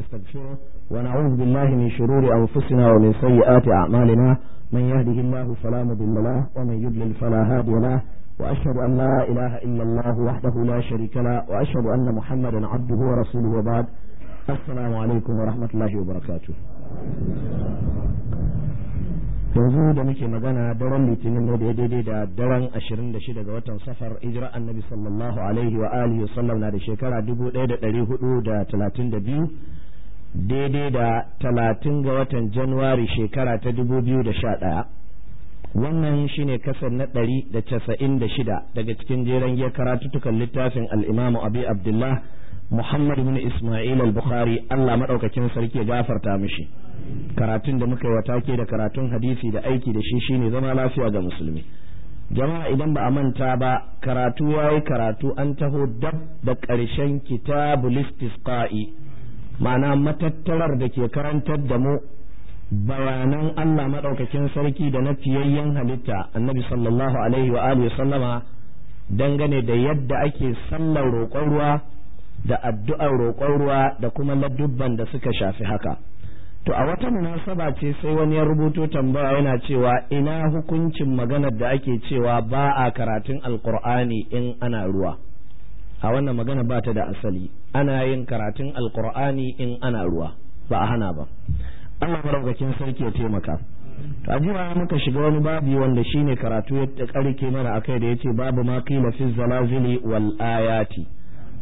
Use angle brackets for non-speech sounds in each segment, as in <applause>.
ونستغفره ونعوذ بالله من شرور أنفسنا ومن سيئات أعمالنا من يهده الله فلا مضل له ومن يضلل فلا هادي له وأشهد أن لا إله إلا الله وحده لا شريك له وأشهد أن محمدا عبده ورسوله وبعد السلام عليكم ورحمة الله وبركاته yanzu da muke magana daren litinin da ya daidai da daren 26 ga watan safar ijira annabi sallallahu alaihi wa alihi wasallam na da shekara 1432 daidai da talatin ga watan januwari shekara ta dubu biyu da sha ɗaya wannan shi ne kasar na ɗari da casa'in da shida daga cikin jeren ya karatutukan littafin al'imamu abi abdullah muhammad bin ismail al-bukhari allah maɗaukakin sarki ya gafarta mishi karatun da muka yi wata ke da karatun hadisi da aiki da shi shine zama lafiya ga musulmi jama'a idan ba a manta ba karatu yayi karatu an taho dab da ƙarshen kitabul istisqa'i ma'ana matattarar da ke karantar da mu bayanan Allah maɗaukakin sarki da na fiyayyen halitta annabi sallallahu alaihi wa alihi sallama dangane da yadda ake sallar roƙon ruwa da addu'ar roƙon ruwa da kuma ladubban da suka shafi haka to a wata munasaba ce sai wani ya rubuto tambaya yana cewa ina hukuncin maganar da ake cewa ba a karatun alkur'ani in ana ruwa a wannan magana ba ta da asali ana yin karatun alkur'ani in ana ruwa ba a hana ba Allah maraukakin sarki ya taimaka to ajiya muka shiga wani babi wanda shine karatu ya karike mana akai da yace babu ma qila fi zalazili wal ayati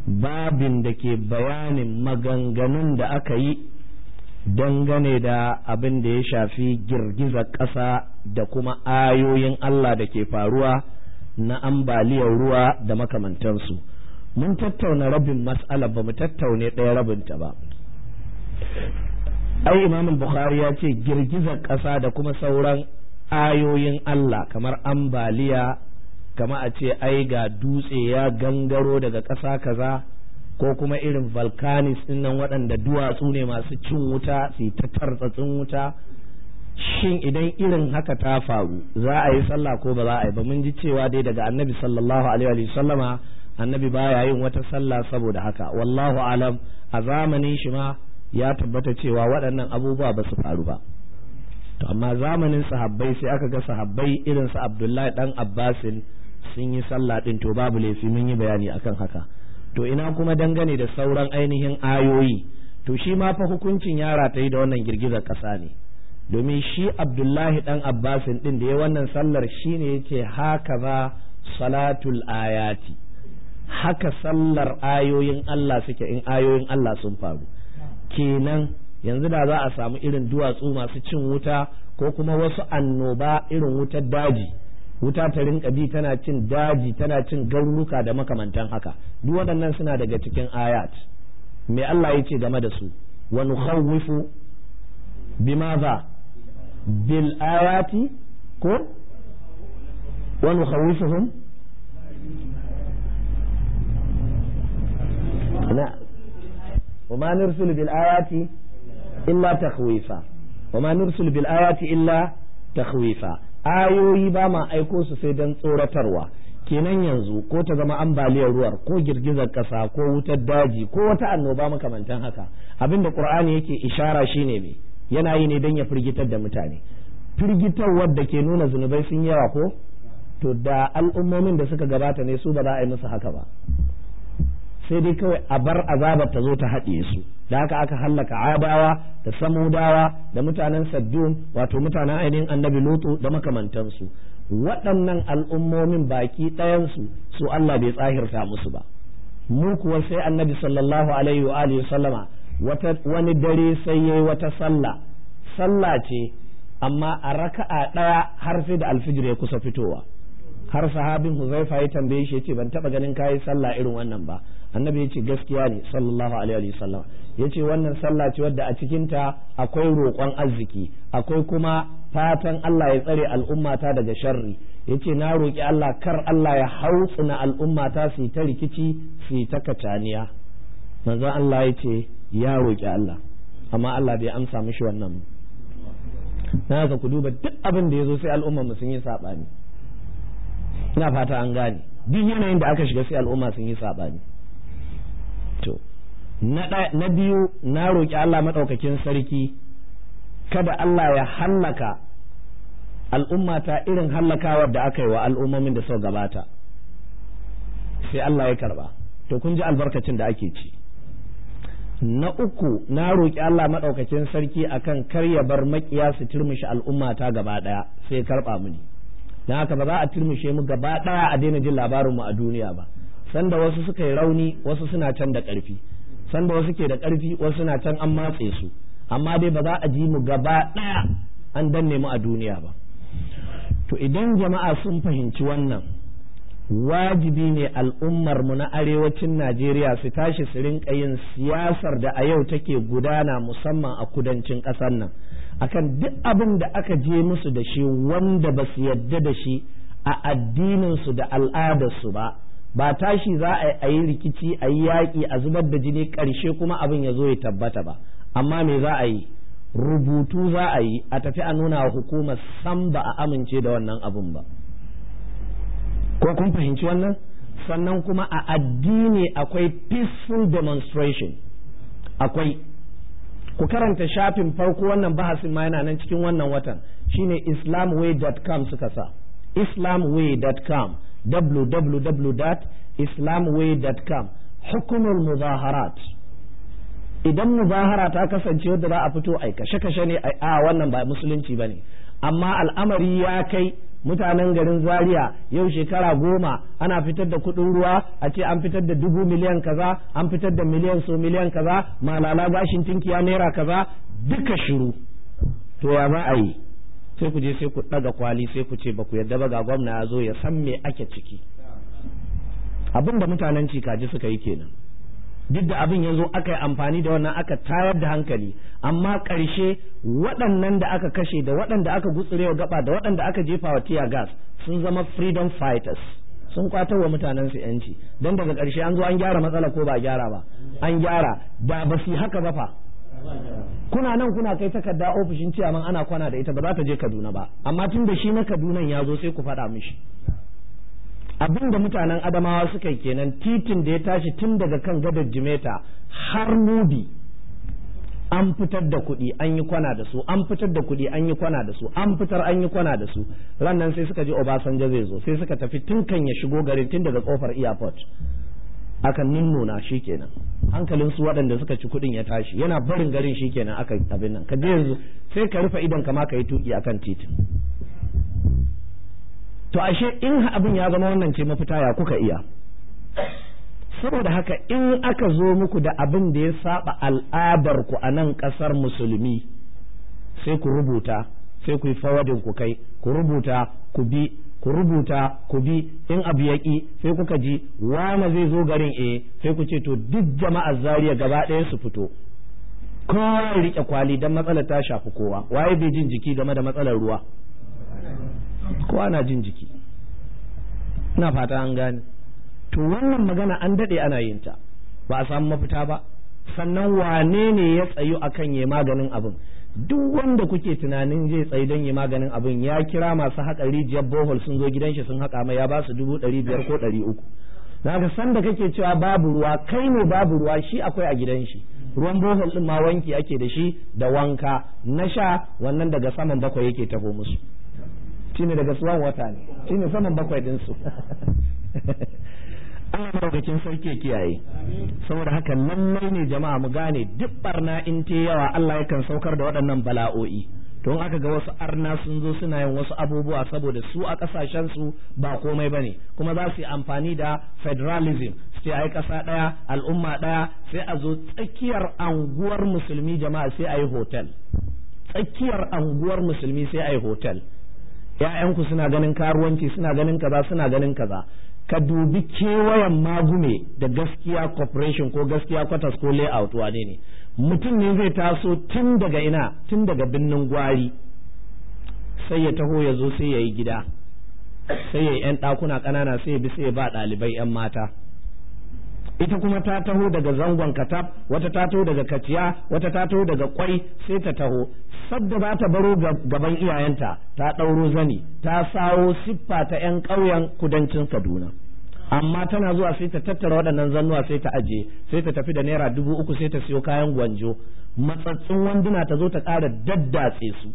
babin da ke bayanin maganganun da aka yi dangane da abin da ya shafi girgiza ƙasa da kuma ayoyin Allah da ke faruwa na ambaliyar ruwa da makamantansu mun tattauna rabin matsalar ba mu tattaune ɗaya rabinta ba ai imamin bukhari ya ce girgizar ƙasa da kuma sauran ayoyin Allah kamar ambaliya kama a ce ai ga dutse ya gangaro daga ƙasa kaza ko kuma irin volcanis din nan waɗanda duwatsu ne masu cin wuta su ta tartsatsin wuta shin idan irin haka ta faru za a yi sallah ko ba za a yi ba mun ji cewa dai daga annabi sallallahu alaihi wa annabi baya yin wata sallah saboda haka wallahu alam a zamanin shi ma ya tabbata cewa waɗannan abubuwa ba su faru ba to amma zamanin sahabbai sai aka ga sahabbai irin su Abdullahi dan Abbasin sun yi sallah din to babu laifi mun yi bayani akan haka to ina kuma dangane da sauran ainihin ayoyi to shi ma fa hukuncin yara ta yi da wannan girgizar ƙasa ne domin shi Abdullahi dan Abbasin din da ya wannan sallar shi shine yake haka ba salatul ayati haka sallar ayoyin Allah suke in ayoyin Allah sun faru kenan yanzu da za a samu irin duwatsu masu cin wuta ko kuma wasu annoba irin wutar daji wuta ta rinka bi tana cin daji tana cin garuruka da makamantan haka duk waɗannan suna daga cikin ayat me Allah ya ce game da su wa nukhawwifu bimaza bil ayati ko wa nukhawifuhum na wa ma illa takhwifa wa ayoyi ba ma aiko su sai dan tsoratarwa kenan yanzu ko ta zama ambaliyar ruwar ko girgizar ƙasa ko wutar daji ko wata annoba makamantan haka abinda qur'ani yake ishara shine me yana yi ne dan ya firgitar da mutane firgitarwar da ke nuna zunubai sun yawa ko to da al'ummomin da suka gabata ne su ba za a yi musu haka ba sai dai kawai a bar azaba ta zo ta haɗe su da haka aka hallaka abawa da samudawa da mutanen saddun wato mutanen ainihin annabi lutu da makamantansu waɗannan al'ummomin baki ɗayansu su Allah bai tsahirta musu ba mu kuwa sai annabi sallallahu alaihi wa alihi sallama wata wani dare sai yayi wata sallah sallah ce amma a raka'a ɗaya har sai da alfijir ya kusa fitowa har sahabin Huzaifa ya tambaye shi yace ban taba ganin kai sallah irin wannan ba annabi yace gaskiya ne sallallahu alaihi wasallam yace wannan sallah ce wadda a cikin ta akwai roƙon arziki akwai kuma fatan Allah ya tsare al'ummata daga sharri yace na roƙi Allah kar Allah ya hautsina al'ummata su ta rikici su ta kacaniya manzon Allah yace ya roƙi Allah amma Allah bai amsa mishi wannan na ga ku duba duk abin da ya zo sai al'umma mu sun yi saɓani ina fata an gane duk yanayin da aka shiga sai al'umma sun yi saɓani na biyu na roƙi Allah maɗaukakin sarki kada Allah ya hallaka al'ummata irin hallakawar da aka yi wa al'ummomin da suka gabata sai Allah ya karba to kun ji albarkacin da ake ci na uku na roƙi Allah maɗaukakin sarki akan kar ya bar maƙiya su turmushi al'ummata gaba ɗaya sai karɓa mini na haka ba za a turmushe mu gaba ɗaya a daina jin labarinmu a duniya ba sanda wasu suka yi rauni wasu suna can da ƙarfi sanda wasu ke da ƙarfi wasu na can an matse su amma dai ba za a ji mu gaba ɗaya an danne mu a duniya ba to idan jama'a sun fahimci wannan wajibi ne al'ummar mu na arewacin najeriya su tashi su rinka yin siyasar da a yau take gudana musamman a kudancin ƙasar nan akan duk abin da aka je musu da shi wanda ba su yadda da shi a addininsu da al'adarsu ba ba tashi za a yi rikici a yi yaƙi a zubar da jini ƙarshe kuma abin ya zo ya tabbata ba amma me za a yi rubutu za a yi a tafi a nuna wa hukumar san ba a amince da wannan abin ba ko kun fahimci wannan sannan kuma a addini akwai peaceful demonstration akwai ku karanta shafin farko wannan bahasin ma yana nan cikin wannan watan shine islamway.com suka sa islamway.com www.islamway.com hukumar muzaharat idan muzahara ta kasance wadda za a fito ai kashe-kashe ne a wannan ba musulunci ba ne amma al'amari ya kai mutanen garin zaria yau shekara goma ana fitar da kudin ruwa a ce an fitar da dubu miliyan kaza an fitar da miliyan so miliyan kaza malala bashin tinkiya naira kaza duka shiru to ya za a yi sai ku je sai ku daga kwali sai ku ce ba ku yarda ba ga gwamna ya zo ya san me ake ciki abin da mutanen cikaji suka yi kenan duk da abin ya zo aka yi amfani da wannan aka tayar da hankali amma ƙarshe waɗannan da aka kashe da waɗanda aka gutsurewa gaba da waɗanda aka jefa wa tear gas sun zama freedom fighters sun kwatar wa mutanen su yanci don daga ƙarshe an zo an gyara matsala ko ba gyara ba an gyara da ba su haka ba fa kuna nan kuna kai takarda ofishin ciyaman ana kwana da ita ba za ta je Kaduna ba amma tun da shi na Kaduna ya zo sai ku faɗa mishi abin da mutanen Adamawa suka kenan titin da ya tashi tun daga kan gadar Jimeta har Nudi an fitar da kuɗi an yi kwana da su an fitar da kuɗi an yi kwana da su an fitar an yi kwana da su ran nan sai suka je Obasanjo zai zo sai suka tafi tun kan ya shigo garin tun daga kofar airport aka nunnuna shikenan hankalin su waɗanda suka ci kuɗin ya tashi yana barin garin shikenan aka abin nan ka yanzu sai ka rufe idon kama ka yi tuki akan titin to ashe in abin ya zama wannan ce mafita ya kuka iya saboda haka in aka zo muku da abin da ya saba al'adar ku a nan ƙasar musulmi sai ku rubuta sai ku yi fawadin ku kai ku rubuta ku bi ku rubuta ku bi in abu ya sai kuka ji ma zai zo garin e sai ku ce to duk jama'ar zariya gaba ɗaya su fito kowa ya riƙe kwali don matsalar ta shafi kowa waye bai jin jiki game da matsalar ruwa kowa na jin jiki ina fata an gane to wannan magana an daɗe ana yin ta ba a samu mafita ba sannan wane ne ya tsayu akan ya maganin abin duk wanda kuke tunanin zai tsaye don yi maganin abin ya kira masu haƙa rijiyar bohol sun zo gidan shi sun haƙa mai ya ba su dubu ɗari biyar ko ɗari uku na ga sanda kake cewa babu ruwa kai ne babu ruwa shi akwai a gidan shi ruwan bohol ɗin ma wanki ake da shi da wanka na sha wannan daga saman bakwai yake taho musu shine daga tsawon wata ne shine saman bakwai ɗinsu <laughs> Allah madaukakin sarki kiyaye saboda haka nan mai ne jama'a mu gane duk barna in te yawa Allah yakan saukar da waɗannan bala'o'i don aka ga wasu arna sun zo suna yin wasu abubuwa saboda su a ƙasashen su ba komai bane kuma za su yi amfani da federalism su ce ai kasa daya al'umma ɗaya sai a zo tsakiyar anguwar musulmi jama'a sai a yi hotel tsakiyar anguwar musulmi sai a yi hotel ‘ya'yanku suna ganin karuwanci suna ganin kaza suna ganin kaza ka dubi kewayen magume da gaskiya corporation ko gaskiya kwatas ko layout wane ne mutum ne zai taso tun daga ina tun daga birnin gwari sai ya taho ya zo sai ya yi gida sai ya yi 'yan ɗakuna ƙanana sai ya bi sai ya ba ɗalibai 'yan mata ita kuma ta taho daga zangon katab wata ta taho daga kaciya wata ta taho daga kwai sai ta taho Sabda za ta baro gaban iyayenta ta ɗauro zani ta sawo siffa ta 'yan ƙauyen kudancin kaduna amma tana zuwa sai ta tattara waɗannan zannuwa sai ta aje sai ta tafi da naira dubu uku sai ta siyo kayan gwanjo matsatsin wanduna ta zo ta ƙara daddatse su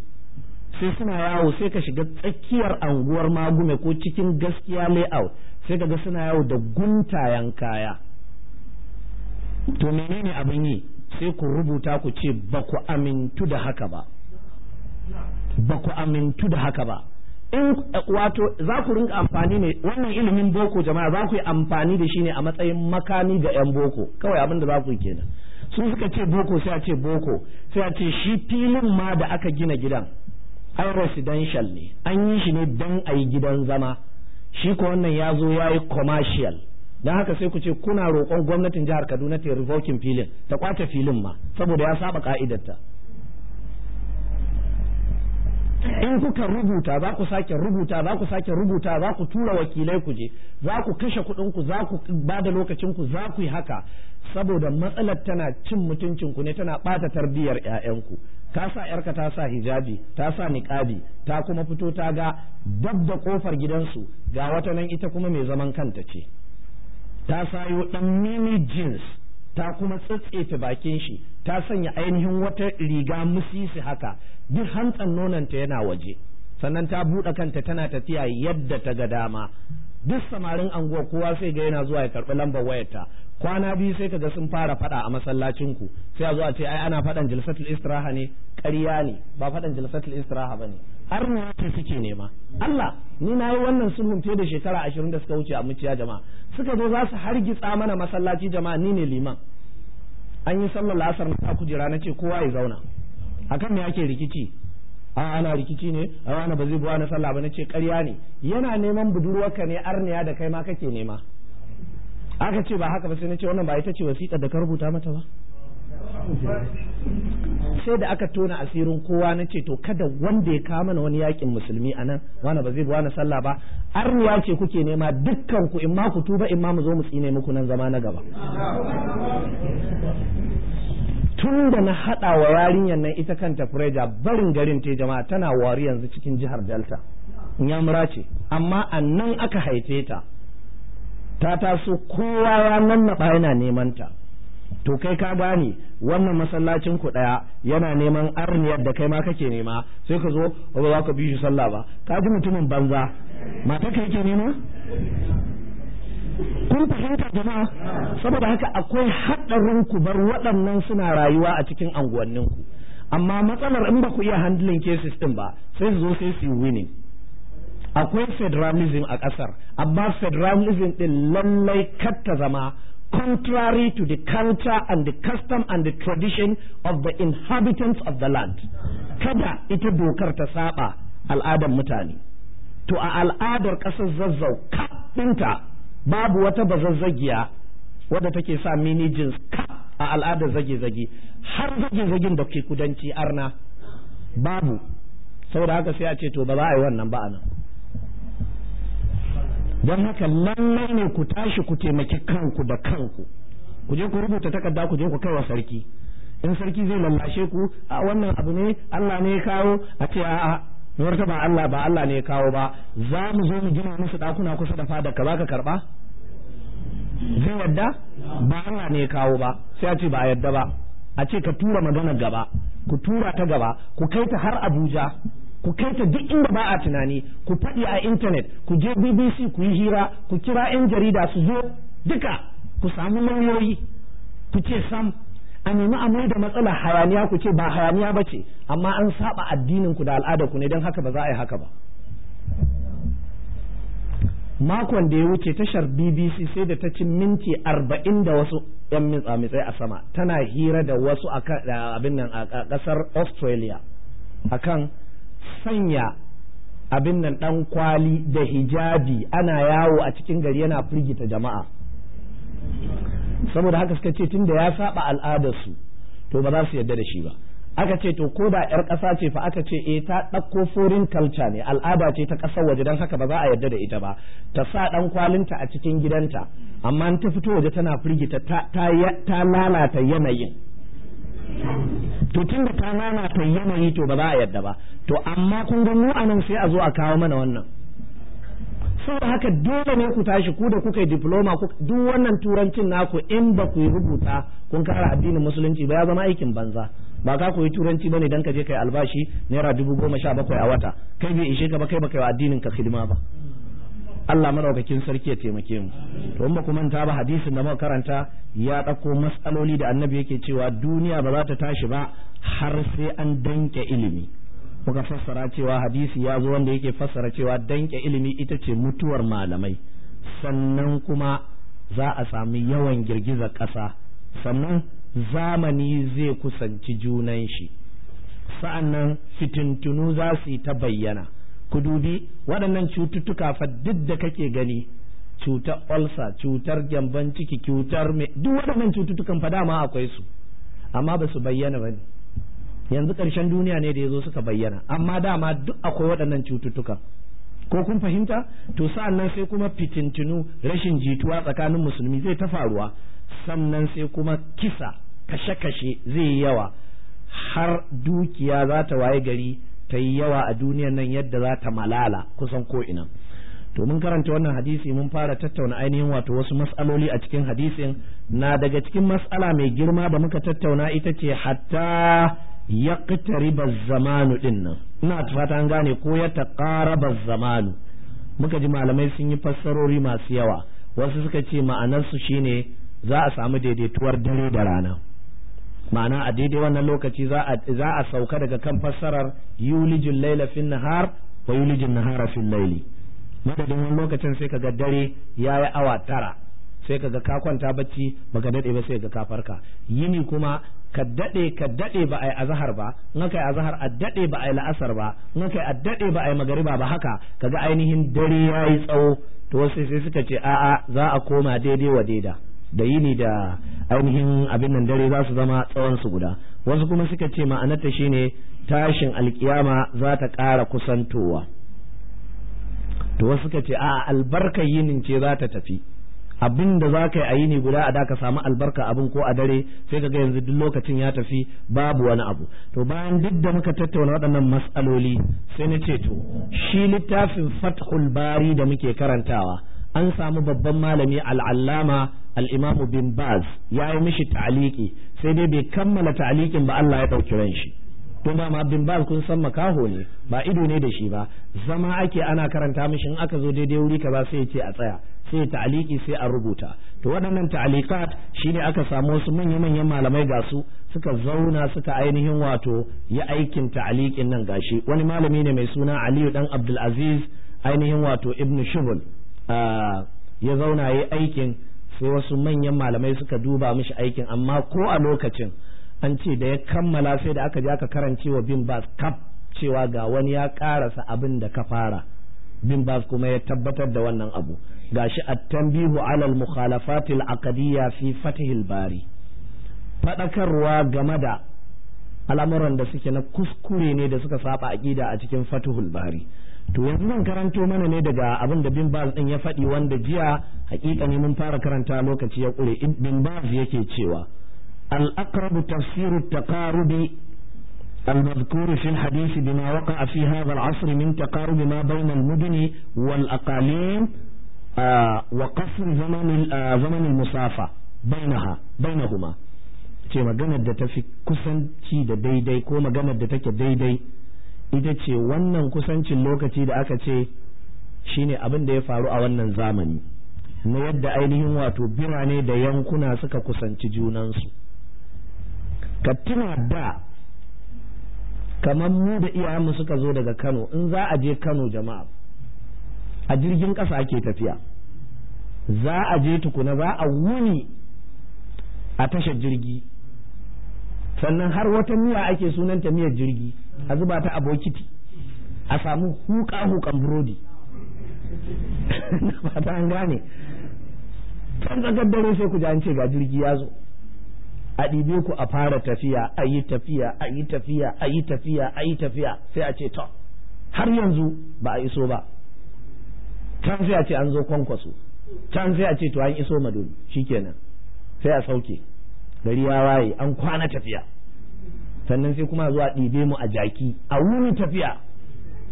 sai suna yawo sai ka shiga tsakiyar anguwar magume ko cikin gaskiya layout sai ka ga suna yawo da guntayen kaya to menene abin yi sai ku rubuta ku ce ba ku amintu da haka ba ba ku amintu da haka ba in wato za ku rinka amfani ne wannan ilimin boko jama'a za ku yi amfani da shi ne a matsayin makami ga 'yan boko kawai abin da za ku yi kenan sun suka ce boko sai a ce boko sai a ce shi filin ma da aka gina gidan an residential ne an yi shi ne don a yi gidan zama shi ko wannan ya zo ya yi commercial don haka sai ku ce kuna roƙon gwamnatin jihar kaduna ta revoking filin ta kwace filin ma saboda ya saba ka'idarta in kuka rubuta za ku sake rubuta za ku sake rubuta za ku tura wakilai ku je za ku kashe kuɗin ku za ku ba lokacin ku za ku yi haka saboda matsalar tana cin mutuncin ku ne tana ɓata tarbiyyar ƴaƴanku ka sa yarka ta sa hijabi ta sa niqabi ta kuma fito ta ga dab da kofar gidansu ga wata nan ita kuma mai zaman kanta ce ta sayo ɗan mini jeans ta kuma tsatsefe bakin shi ta sanya ainihin wata riga musisi haka duk hantsan nonanta yana waje sannan ta buɗe kanta tana tafiya yadda ta ga dama duk samarin anguwa kowa sai ga yana zuwa ya karɓi lambar wayarta kwana biyu sai kaga sun fara fada a masallacin ku sai a zo a ce ai ana faɗan jalsatul istiraha ne ƙarya ne ba fadan jalsatul istiraha bane har ne suke nema Allah ni nayi wannan sulhun fiye da shekara 20 da suka wuce a muciya jama'a suka zo za su hargitsa mana masallaci jama'a ni ne liman an yi sallar la'asar na kujera na ce kowa ya zauna akan me ake rikici a ana rikici ne a wani ba zai buwa na sallah ba na ce karya ne yana neman budurwarka ne arniya da kai ma kake nema aka ce ba haka ba sai na ce wannan ba ita ce wasiƙa da ka rubuta mata ba sai da aka tona asirin kowa na ce to kada wanda ya kama na wani yakin musulmi a nan wani ba zai wani sallah ba ruwa ce kuke nema dukkanku ku in ma ku tuba in ma mu zo mu tsine muku nan zama na gaba tun da na haɗa wa yarinyar nan ita kanta fureja barin garin ta jama'a tana wari yanzu cikin jihar delta nyamura ce amma a nan aka haife ta ta taso kowa ya na yana neman ta to kai ka gane wannan masallacin ku daya yana neman arniyar da kai ma kake nema sai ka zo ba za ka bi shi sallah ba ka ji mutumin banza mata ka yake nema kun fahimta jama'a saboda haka akwai haɗarin ku bar waɗannan suna rayuwa a cikin ku amma matsalar in ba ku iya handling cases din ba sai su zo sai su winning akwai federalism a ƙasar amma federalism ɗin lallai kar ta zama contrary to the culture and the custom and the tradition of the inhabitants of the land kada ita dokar ta saba al'adar mutane to a al'adar ƙasar zazzau ɗinta babu wata bazazzagiya wadda take sa mini jeans a al'adar zage-zage har zage-zagen da ke kudanci arna babu saboda haka sai a ce to ba za a yi wannan ba a nan don haka lallai ne ku tashi ku taimaki kanku da kanku ku je ku rubuta takarda ku je ku kai wa sarki in sarki zai lallashe ku a wannan abu ne Allah ne ya kawo a ce a'a warta ba Allah ba Allah ne ya kawo ba za mu zo mu gina musu dakuna kusa da fada ka baka karba zai yadda ba Allah ne ya kawo ba sai a ce ba a yadda ba a ce ka tura magana gaba ku tura ta gaba ku kai ta har Abuja ku kai ta duk inda ba a tunani ku faɗi a intanet ku je bbc ku yi hira ku kira 'yan jarida su zo duka ku samu lauyoyi ku ce sam a nemi a mai da matsala hayaniya ku ce ba hayaniya ba ce amma an saba addinin ku da al'adarku ku ne don haka ba za a yi haka ba makon da ya wuce tashar bbc sai da ta ci minti arba'in da wasu yan mitsai a sama tana hira da wasu abin nan a kasar australia akan sanya abin nan ɗan kwali da hijabi ana yawo a cikin gari yana firgita jama'a saboda haka suka ce tunda ya saba al'adarsu to ba za su yarda da shi ba aka ce to ko da yar ƙasa ce fa aka ce eh ta ɗauko foreign culture ne al'ada ce ta ƙasar waje don haka ba za a yarda da ita ba ta sa ɗan kwalinta a cikin gidanta amma ta fito waje tana firgita ta lalata yanayin to tun da ta ta yanayi to ba za a yadda ba to amma kun ga mu anan sai a zo a kawo mana wannan saboda haka dole ne ku tashi ku da kuka yi diploma duk wannan turancin naku in ba ku yi rubuta kun kara addinin musulunci ba ya zama aikin banza ba ka koyi turanci bane dan ka je kai albashi naira dubu goma sha bakwai a wata kai bai ishe ka ba kai ba kai addinin ka hidima ba Allah madaukakin sarki ya taimake mu to ba kuma ta ba hadisin da muka karanta ya ɗauko matsaloli da annabi yake cewa duniya ba za ta tashi ba har sai an danke ilimi muka fassara cewa hadisi ya zo wanda yake fassara cewa danke ilimi ita ce mutuwar malamai sannan kuma za a sami yawan girgiza ƙasa sannan zamani zai kusanci junan shi sa'annan fitintunu za su yi ta bayyana ku waɗannan cututtuka fa duk da kake gani cutar olsa cutar gyamban ciki cutar me duk waɗannan cututtukan fa dama akwai su amma ba su bayyana ba yanzu ƙarshen duniya ne da ya zo suka bayyana amma dama duk akwai waɗannan cututtukan ko kun fahimta to sa'an nan sai kuma fitintinu rashin jituwa tsakanin musulmi zai ta faruwa sannan sai kuma kisa kashe-kashe zai yi yawa har dukiya za ta waye gari ta yi yawa a duniyar nan yadda za ta malala kusan ko ina to mun karanta wannan hadisi mun fara tattauna ainihin wato wasu matsaloli a cikin hadisin na daga cikin matsala mai girma da muka tattauna ita ce hatta ya ƙitariba zamanu ɗin nan ina fata an gane ko ya taƙaraba zamanu muka ji malamai sun yi fassarori masu yawa wasu suka ce ma'anarsu shine za a samu daidaituwar dare da rana ma'ana a daidai wannan lokaci za a sauka daga kan fassarar yulijin laila fin nahar wa yulijin nahara fin laili madadin wannan lokacin sai kaga dare yayi awa tara sai kaga ka kwanta bacci baka dade ba sai ka kafarka yini kuma ka dade ka dade ba ai azhar ba in kai azhar a dade ba ai la'asar ba in aka a dade ba ai magriba ba haka kaga ainihin dare yayi tsawo to sai sai suka ce a'a za a koma daidai wa daida da yini da ainihin abin nan dare za su zama tsawon su guda wasu kuma suka ce ma'anarta shine tashin alkiyama za ta ƙara kusantowa to wasu suka ce a albarkar yinin ce za ta tafi abin da za ka yi a yini guda a da ka samu albarka abin ko a dare sai ka ga yanzu duk lokacin ya tafi babu wani abu to bayan duk da muka tattauna waɗannan matsaloli sai na ce to shi littafin fathul bari da muke karantawa an samu babban malami al'allama al-imam bin baz ya yi mishi ta'aliki sai dai bai kammala ta'alikin ba Allah ya ɗauki shi don dama bin baz kun san makaho ne ba ido ne da shi ba zama ake ana karanta mishi in aka zo daidai wuri ka ba sai ya ce a tsaya sai ya ta'aliki sai a rubuta to waɗannan ta'alikat shine aka samu wasu manya-manyan malamai ga su suka zauna suka ainihin wato ya aikin ta'alikin nan gashi wani malami ne mai suna Aliyu dan Abdul Aziz ainihin wato Ibn Shubul ah, ya zauna ya aikin sai wasu manyan malamai suka duba mishi aikin amma ko a lokacin an ce da ya kammala sai da aka je aka karance wa bin bas kaf cewa ga wani ya karasa abin da ka fara bin bas kuma ya tabbatar da wannan abu gashi at-tanbihu ala al-mukhalafat al-aqdiyya fi al bari fadakarwa game da al'amuran da suke na kuskure ne da suka saba aqida a cikin fathul bari to yanzu zan karanto mana ne daga abin da bin baz din ya faɗi wanda jiya hakika ne mun fara karanta lokaci ya kure bin baz yake cewa al aqrabu tafsiru taqarubi المذكور في الحديث بما وقع في هذا العصر من تقارب ما بين المدن والأقاليم وقصر زمن زمن المسافة بينها بينهما ce maganar da ta fi kusanci da daidai ko maganar da take daidai ita ce wannan kusancin lokaci da aka ce shine abin da ya faru a wannan zamani na yadda ainihin wato birane da yankuna suka kusanci junansu ka tuna da kamar mu da iyayenmu suka zo daga kano in za a je kano jama'a a jirgin ƙasa ake tafiya za a je tukuna za a wuni a tashar jirgi sannan har wata miya ake sunanta miyar jirgi a zuba ta a bokiti a samu huka hukan burodi <laughs> na ta an gane can tsakar dare sai ku ji an ce ga jirgi ya zo a ɗibe ku a fara tafiya a yi tafiya a yi tafiya a yi tafiya a yi tafiya sai a ce to har yanzu ba a iso ba can sai a ce an zo kwankwaso can sai a ce to an iso madobi shikenan sai a sauke gari ya waye an kwana tafiya sannan sai kuma zuwa ɗibe mu a jaki a wuni tafiya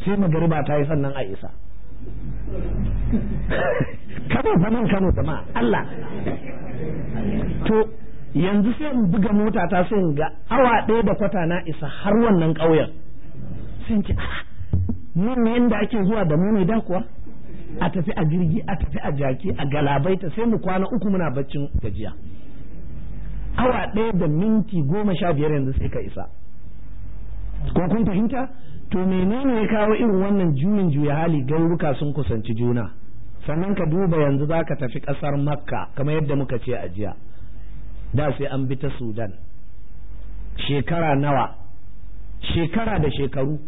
sai magariba ta yi sannan a isa kama zaman kama zama Allah to yanzu sai in buga mota ta sai ga awa ɗaya da kwata na isa har wannan ƙauyen sai in ce ah, mun ne yadda ake zuwa da mu ne da kuwa a tafi a jirgi a tafi a jaki a galabaita sai mu kwana uku muna baccin gajiya awa ɗaya da minti goma sha biyar yanzu sai ka isa ko kun fahimta to menene ya kawo irin wannan juyin juya hali gauruka sun kusanci juna sannan ka duba yanzu za ka tafi ƙasar makka kamar yadda muka ce a jiya da sai an bi ta sudan shekara nawa shekara da shekaru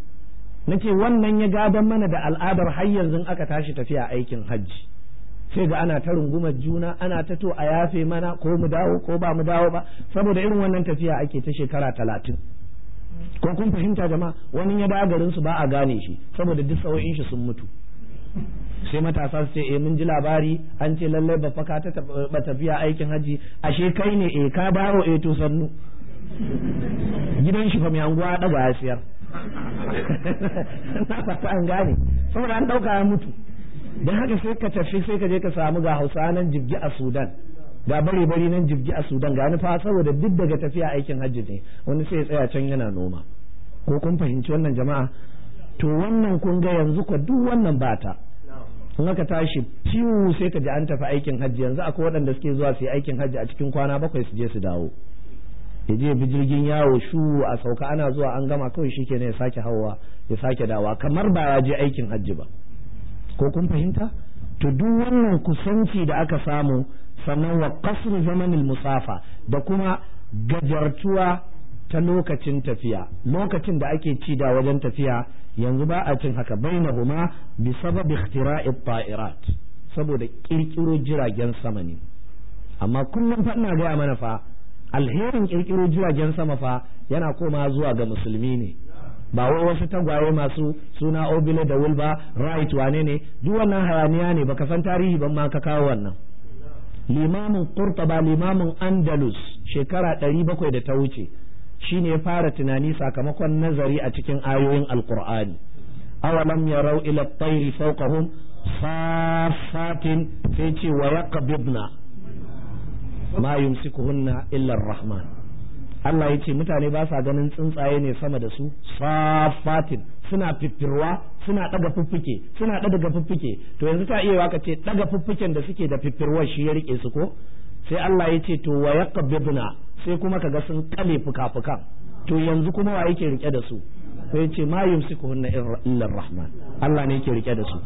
na wannan ya gadon mana da al'adar har yanzu aka tashi tafiya aikin hajji sai ga ana ta rungumar juna ana ta to a yafe mana ko mu dawo ko ba mu dawo ba saboda irin wannan tafiya ake ta shekara talatin ko kun fahimta jama'a wani ya dawo garin su ba a gane shi saboda duk sauyin shi sun mutu sai matasa su ce eh mun ji labari an ce lallai ba faka ta ba tafiya aikin haji ashe kai ne eh ka dawo eh to sannu gidan shi fa mai anguwa daga ya siyar <laughs> na fata an gane saboda an ɗauka ya mutu Dan haka sai ka tafi sai ka je ka samu ga hausa nan jibgi a sudan ga bari bari nan jibgi a sudan ga nufa saboda duk daga tafiya aikin hajji ne wani sai ya tsaya can yana noma ko kun fahimci wannan jama'a to wannan kun ga yanzu ko duk wannan bata in aka tashi ciwo sai ka je an tafi aikin hajji yanzu akwai waɗanda suke zuwa su yi aikin hajji a cikin kwana bakwai su je su dawo ya je bi jirgin yawo shu a sauka ana zuwa an gama kawai shi ne ya sake hawa ya sake dawa kamar ba ya je aikin hajji ba ko kun fahimta to duk wannan kusanci da aka samu sannan wa kasru zamanin musafa da kuma gajartuwa ta lokacin tafiya lokacin da ake ci da wajen tafiya yanzu ba a cin haka bainahuma bi sabab ikhtira'i ta'irat saboda kirkiro jiragen sama ne amma kullum fa ina ga mana fa alherin kirkiro jiragen sama fa yana koma zuwa ga musulmi ne ba wai wasu tagwaye masu suna obile da wilba right wane ne duk wannan hayaniya ne baka san tarihi ban ma ka kawo wannan limamin qurtaba limamin andalus shekara ɗari bakwai da ta wuce shine ya fara tunani sakamakon nazari a cikin ayoyin alqur'ani awalam yarau ila at-tayri fawqahum safatin sai ce wa yaqbidna ma yumsikuhunna illa ar-rahman Allah ya ce mutane ba sa ganin tsuntsaye ne sama da su safatin suna fiffirwa suna daga fuffuke suna daga fuffuke to yanzu ta iya waka ce daga fuffuken da suke da fiffirwar shi ya rike su ko sai Allah ya ce to wa sai kuma kaga sun kale fuka-fukan to yanzu kuma wa yake rike da su sai ya ce ma yumsikuhunna illa rahman Allah ne yake rike da su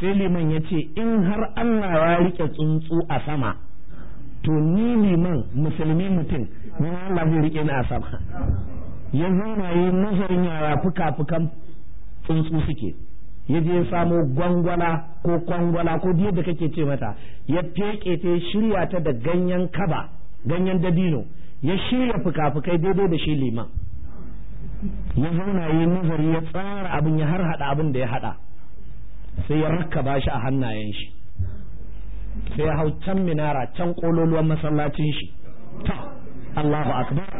sai liman ya ce in har Allah ya rike tsuntsu a sama to ni liman musulmi mutum ni Allah zai rike ni a sama ya zauna nazarin yara fuka-fukan tsuntsu suke ya je samo gwangwala ko kwangwala ko da kake ce mata ya feke ta shirya ta da ganyen kaba ganyen dabino ya shirya fuka-fukai daidai da shi liman ya zauna yi nazari ya tsara abin ya har hada abin da ya hada sai ya rakkaba shi a hannayen shi sai ya hau can minara can kololuwan masallacin shi ta Allahu akbar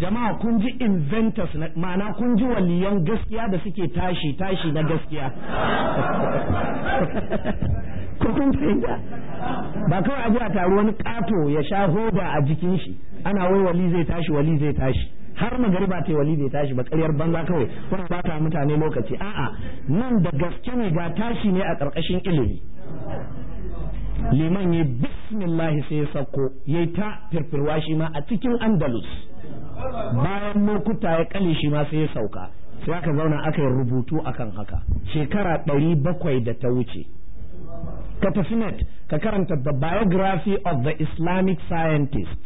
jama'a kun ji inventors ma'ana kun ji waliyan gaskiya da suke tashi tashi na gaskiya <laughs> ko kun fahimta ba kawai abu a taru wani kato ya sha hoda a jikin shi ana wai wali zai tashi wali zai tashi har ba ta wali bai tashi ba ƙaryar banza kawai kuma ba ta mutane lokaci a'a nan da gaske ne ga tashi ne a ƙarƙashin ilimi liman ya bismillah sai ya sako ya yi ta firfirwa shi ma a cikin andalus bayan lokuta ya kale shi ma sai ya sauka sai aka zauna aka yi rubutu akan haka shekara ɗari bakwai da ta wuce ka ka karanta the biography of the islamic scientist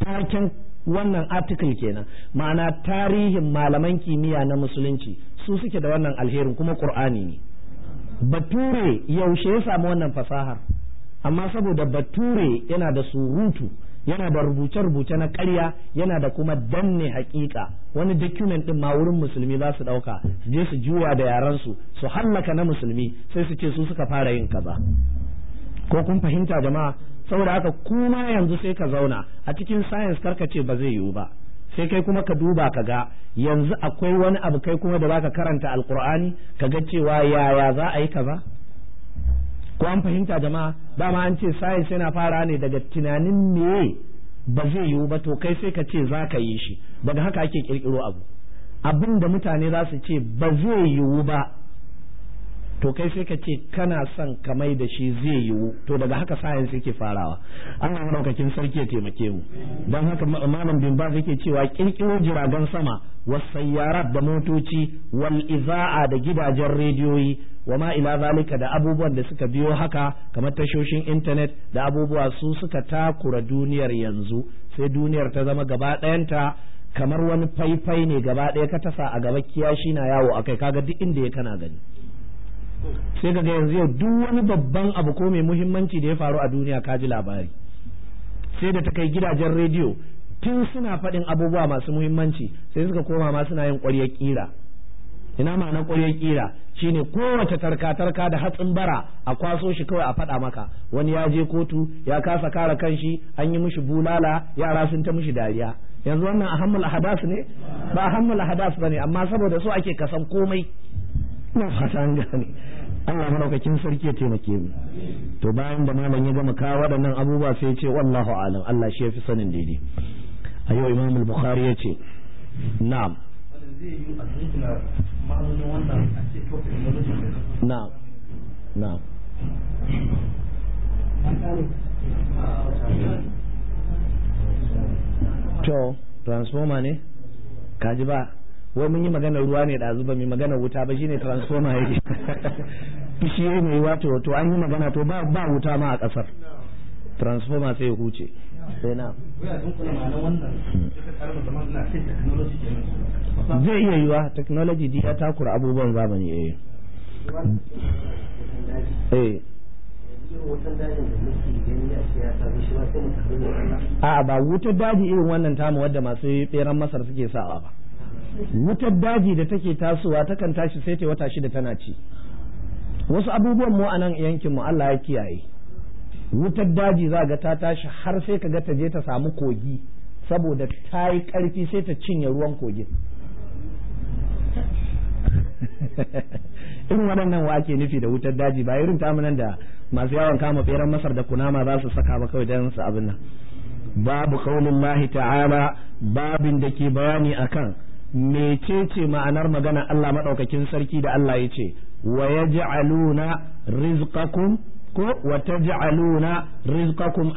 taken wannan article kenan ma'ana tarihin malaman kimiyya na musulunci su suke da wannan alherin kuma qur'ani ne bature yaushe ya samu wannan fasaha amma saboda bature yana da surutu yana da rubuce-rubuce na karya yana da kuma danne hakika wani document din ma wurin musulmi za su ɗauka su je su juwa da yaran su su hallaka na musulmi sai su ce su suka fara yin kaza ko kun fahimta jama'a saboda haka kuma yanzu sai ka zauna a cikin science karka ce ba zai yiwu ba sai kai kuma ka duba ka ga yanzu akwai wani abu kai kuma da baka karanta alkur'ani ka ga cewa yaya za a yi kaza ko an fahimta jama'a dama an ce science yana fara ne daga tunanin me ba zai yiwu ba to kai sai ka ce za ka yi shi daga haka ake kirkiro abu abin da mutane za su ce ba zai yiwu ba to kai sai ka ce kana son kamai da shi zai yiwu to daga haka sai yake farawa Allah madaukakin sarki ya taimake mu don haka malam bin ba yake cewa kirkiro jiragen sama wasayyarat da motoci wal iza'a da gidajen rediyoyi wa ma ila zalika da abubuwan da suka biyo haka kamar tashoshin intanet da abubuwa su suka takura duniyar yanzu sai duniyar ta zama gaba ɗayanta kamar wani faifai ne gaba ɗaya ka tasa a gaba kiyashi na yawo a akai kaga duk inda ya kana gani sai kaga yanzu yau duk wani babban abu ko mai muhimmanci da ya faru a duniya ka ji labari sai da ta kai gidajen rediyo tun suna faɗin abubuwa masu muhimmanci sai suka koma ma suna yin ƙwaryar ƙira ina ma'anar ƙwaryar ƙira shine kowace tarka-tarka da hatsin bara a kwaso shi kawai a faɗa maka wani ya je kotu ya kasa kare kanshi an yi mishi bulala yara sun ta mishi dariya yanzu wannan a hadas ne ba a hammul hadas bane amma saboda so ake kasan komai ina <laughs> fata an gane Allah madaukakin sarki ya taimake mu to bayan da malam ya gama kawo waɗannan abubuwa sai ya ce wallahu alam Allah shi ya fi sanin daidai a yau Imam al-Bukhari ya ce na'am na'am na'am to transformer ne kaji ba wai mun yi magana ruwa ne da zuba mai magana wuta ba shine transformer yake shi ne wato to an yi magana to ba ba wuta ma a kasar transformer sai ya huce sai na zai iya yiwa technology dai ya takura abubuwan zamani eh eh a ba wutar daji irin wannan tamu wadda masu beran masar suke sawa ba wutar daji da take tasowa takan tashi sai ta wata shida tana ci wasu abubuwan mu a nan yankin mu Allah ya kiyaye wutar daji za ga ta tashi har sai ka ga ta je ta samu kogi saboda ta yi ƙarfi sai ta cinye ruwan kogin in waɗannan wa ake nufi da wutar daji ba irin ta tamunan da masu yawon kama feran masar da kunama za su saka ba kawai dan su abin nan babu kaunin lahi ta'ala babin da ke bayani akan me ce ma'anar magana Allah ma sarki da Allah yace ce waya jecaluwuna rizka kun ko wa ta jecaluwuna rizka kun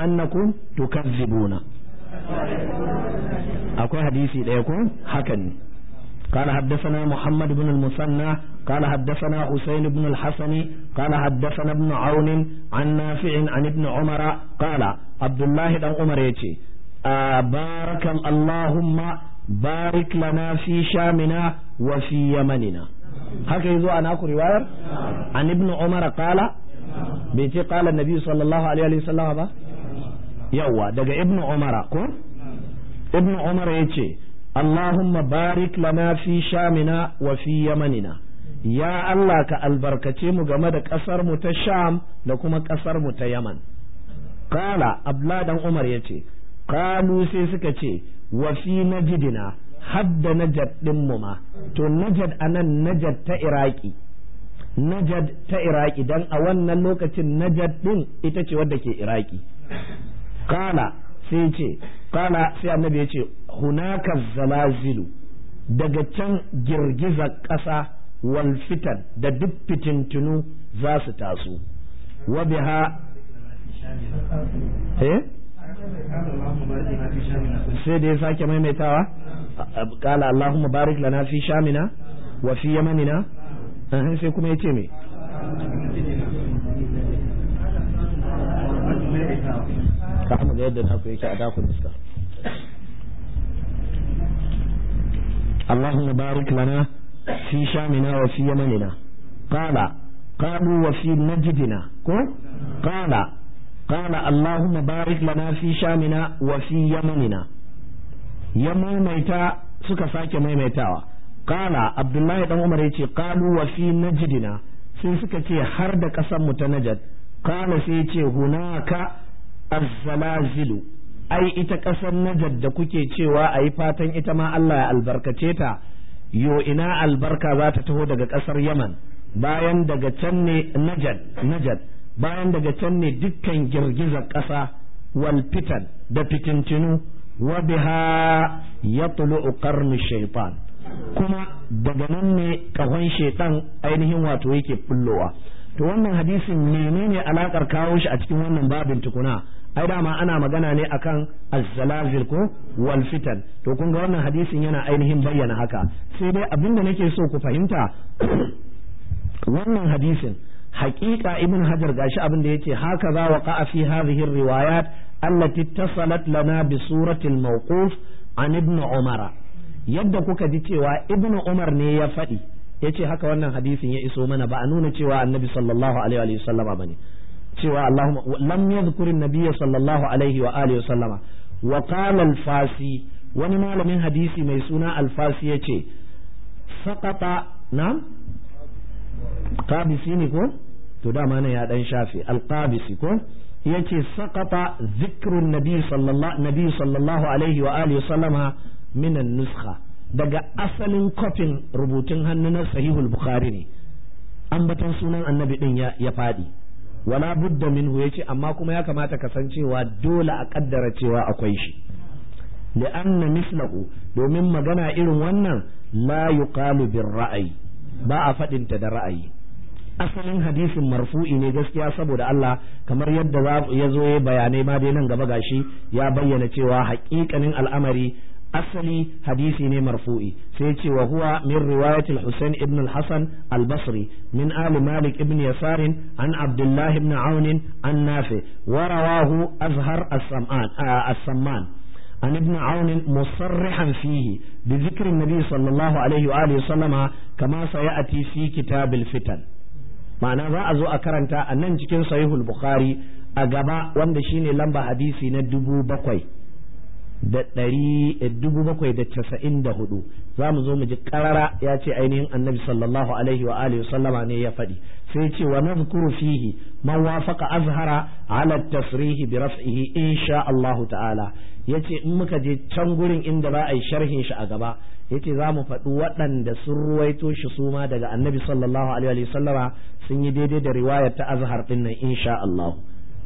akwai hadisi da yawani hakan. akwai haddasa Nabi Muhammad bin Musana. akwai haddasa Nabi Husaini bin Hassani. akwai haddasa Nabi Mucawani Cannaficin Canidna Umar. Abdullahi Dan Umar. Ba rakan Allahuma. barik lana fi shamina wa fi yamanina haka yazo a naku riwayar an ibnu umar qala bai ce qala nabi sallallahu alaihi wa sallam ba yawa daga ibnu umar ko ibnu umar yace Allahuma barik lana fi shamina wa fi yamanina ya Allah ka albarkace mu game da ƙasar mu ta sham da kuma ƙasar ta yaman qala abla dan umar yace qalu sai suka ce wa fi najdina hadda najad ɗin mu ma to najad anan najad ta iraki najad ta iraki dan a wannan lokacin najad ɗin ita ce wadda ke iraki kala sai ce kala sai annabi ya ce hunaka zalazilu daga can girgizar ƙasa wal fitan da duk fitintunu za su taso wa biha eh sai da ya sake maimaitawa kala allahumma barik lana fi shamina wa fi yamanina eh, sai kuma ya ce me ka kuma ga yadda na ku yake a dakon iska Allahumma barik fuska fi shamina wa fi yamanina kala kalu wa fi najidina ko kala qala allahumma barik lana fi shamina wa fi yamanina ya maimaita suka sake maimaitawa qala abdullahi dan umar yace qalu wa fi najdina sai suka ce har da kasar mu ta Najad. qala sai ce hunaka az-zalazilu ai ita kasar Najad da kuke cewa ayi fatan ita ma Allah ya albarkace ta yo ina albarka za ta taho daga ƙasar yaman bayan daga can ne najad najad bayan daga can ne dukkan girgizar ƙasa wal da fitintinu wa biha yatlu'u qarnu shaifan. kuma daga nan ne kahon shaitan ainihin wato yake bullowa to wannan hadisin menene alakar kawo shi a cikin wannan babin tukuna ai dama ana magana ne akan azzalazil ko wal fitan to kun ga wannan hadisin yana ainihin bayyana haka sai dai abinda nake so ku fahimta <coughs> wannan hadisin Haƙiƙa ibn hajar gashi abin da ce haka za waqa fi hadhihi riwaya allati tasalat lana bi surati al-mawquf an ibn umara yadda kuka ji cewa Ibnu umar ne ya faɗi yace haka wannan hadisin ya iso mana ba a nuna cewa annabi sallallahu alaihi wa sallama bane cewa Allahumma lam yadhkuri an sallallahu alaihi wa alihi wa sallama wa qala al-fasi wani malamin hadisi mai suna al-fasi yace saqata na qabisi ne ko to dama nan ya dan shafe alqabisi ko yace saqata zikrun nabi sallallahu nabi sallallahu alaihi wa alihi sallama min nuskha daga asalin kofin rubutun hannu na sahihul bukhari ne ambatan sunan annabi din ya ya fadi wala budda minhu yace amma kuma ya kamata kasancewa dole a kaddara cewa akwai shi li'anna mislaku domin magana irin wannan la yuqalu bir ra'ayi ba a faɗinta da ra'ayi asalin hadisin marfu'i ne gaskiya saboda Allah kamar yadda ya zo ya bayanai ma dai nan gaba gashi ya bayyana cewa haƙiƙanin al'amari asali hadisi ne marfu'i sai ce wa huwa min riwayat husain ibn al-Hasan al-Basri min ali Malik ibn Yasar an Abdullah ibn Aun an Nafi wa rawahu Azhar as samman as-Samman عن ابن عون مصرحا فيه بذكر النبي صلى الله عليه sallama kama كما سيأتي في كتاب fitan. ma'ana za a zo a karanta a nan cikin sahihul bukhari a gaba wanda shine lamba hadisi na dubu bakwai da ɗari eh, dubu bakwai da casa'in da hudu za mu zo mu ji karara ya ce ainihin annabi sallallahu alaihi wa alihi sallama ne ya faɗi sai ce wa nazkuru fihi man wafaqa azhara ala tasrihi bi raf'ihi insha Allah ta'ala yace in muka je can gurin inda ba a yi sharhin shi a gaba yace za mu faɗi waɗanda sun ruwaito shi su ma daga annabi sallallahu alaihi wa sallama sun yi daidai da riwayar ta azhar din nan insha Allah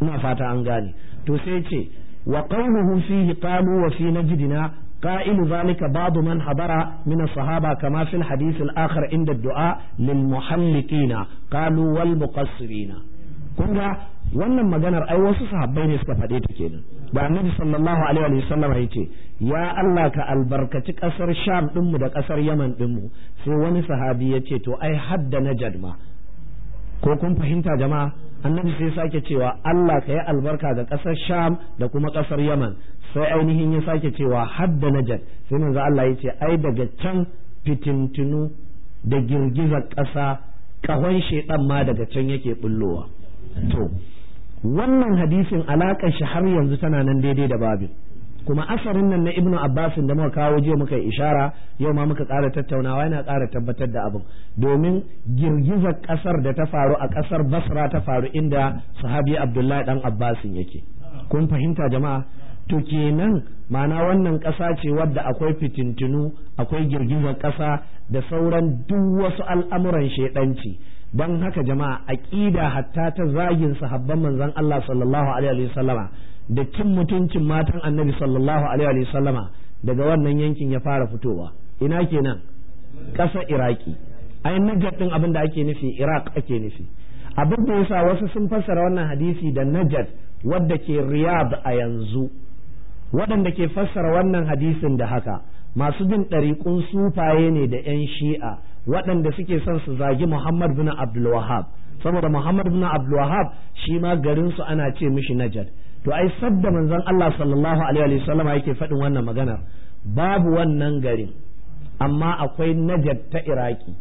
ina fata an gane to sai yace wa qawluhu fihi qalu wa fi najdina قائل ذلك بعض من حضر من الصحابة كما في الحديث الآخر عند الدعاء للمحلقين قالوا والمقصرين كنا wannan maganar ai wasu sahabbai ne suka faɗe kenan da annabi sallallahu alaihi wa sallam ya ce ya Allah ka albarkaci kasar sham dinmu da kasar yaman dinmu sai wani sahabi ya ce to ai hadda najad ma ko kun fahimta jama'a annabi sai sake cewa Allah ka yi albarka ga kasar sham da kuma kasar yaman sai ainihin ya sake cewa hadda najad sai manzo Allah ya ce ai daga can fitintinu da girgizar ƙasa kahon shedan ma daga can yake bullowa to wannan hadisin alaƙar shi har yanzu tana nan daidai da babin kuma asarin nan na ibnu abbasin da muka kawo jiya muka ishara yau ma muka ƙara tattaunawa yana ƙara tabbatar da abin domin girgizar ƙasar da ta faru a ƙasar basra ta faru inda sahabi abdullahi dan abbasin yake kun fahimta jama'a to kenan ma'ana wannan ƙasa ce wadda akwai fitintinu akwai girgizar ƙasa da sauran duk wasu al'amuran shaidanci don haka jama'a aƙida hatta ta zagin sahabban manzon Allah sallallahu alaihi wasallama da cin mutuncin matan annabi sallallahu alaihi Sallama daga wannan yankin ya fara fitowa ina kenan ƙasa iraki ai najar din abin da ake nufi iraq ake nufi abin da yasa wasu sun fassara wannan hadisi da najar wadda ke riyad a yanzu waɗanda ke fassara wannan hadisin da haka masu bin ɗariƙun sufaye ne da 'yan shi'a waɗanda suke son su zagi Muhammad bin Abdul saboda Muhammad bin Abdul shi ma garinsu ana ce mishi Najar to ai sadda manzon Allah sallallahu alaihi wa sallama yake faɗin wannan maganar babu wannan garin amma akwai Najar ta Iraki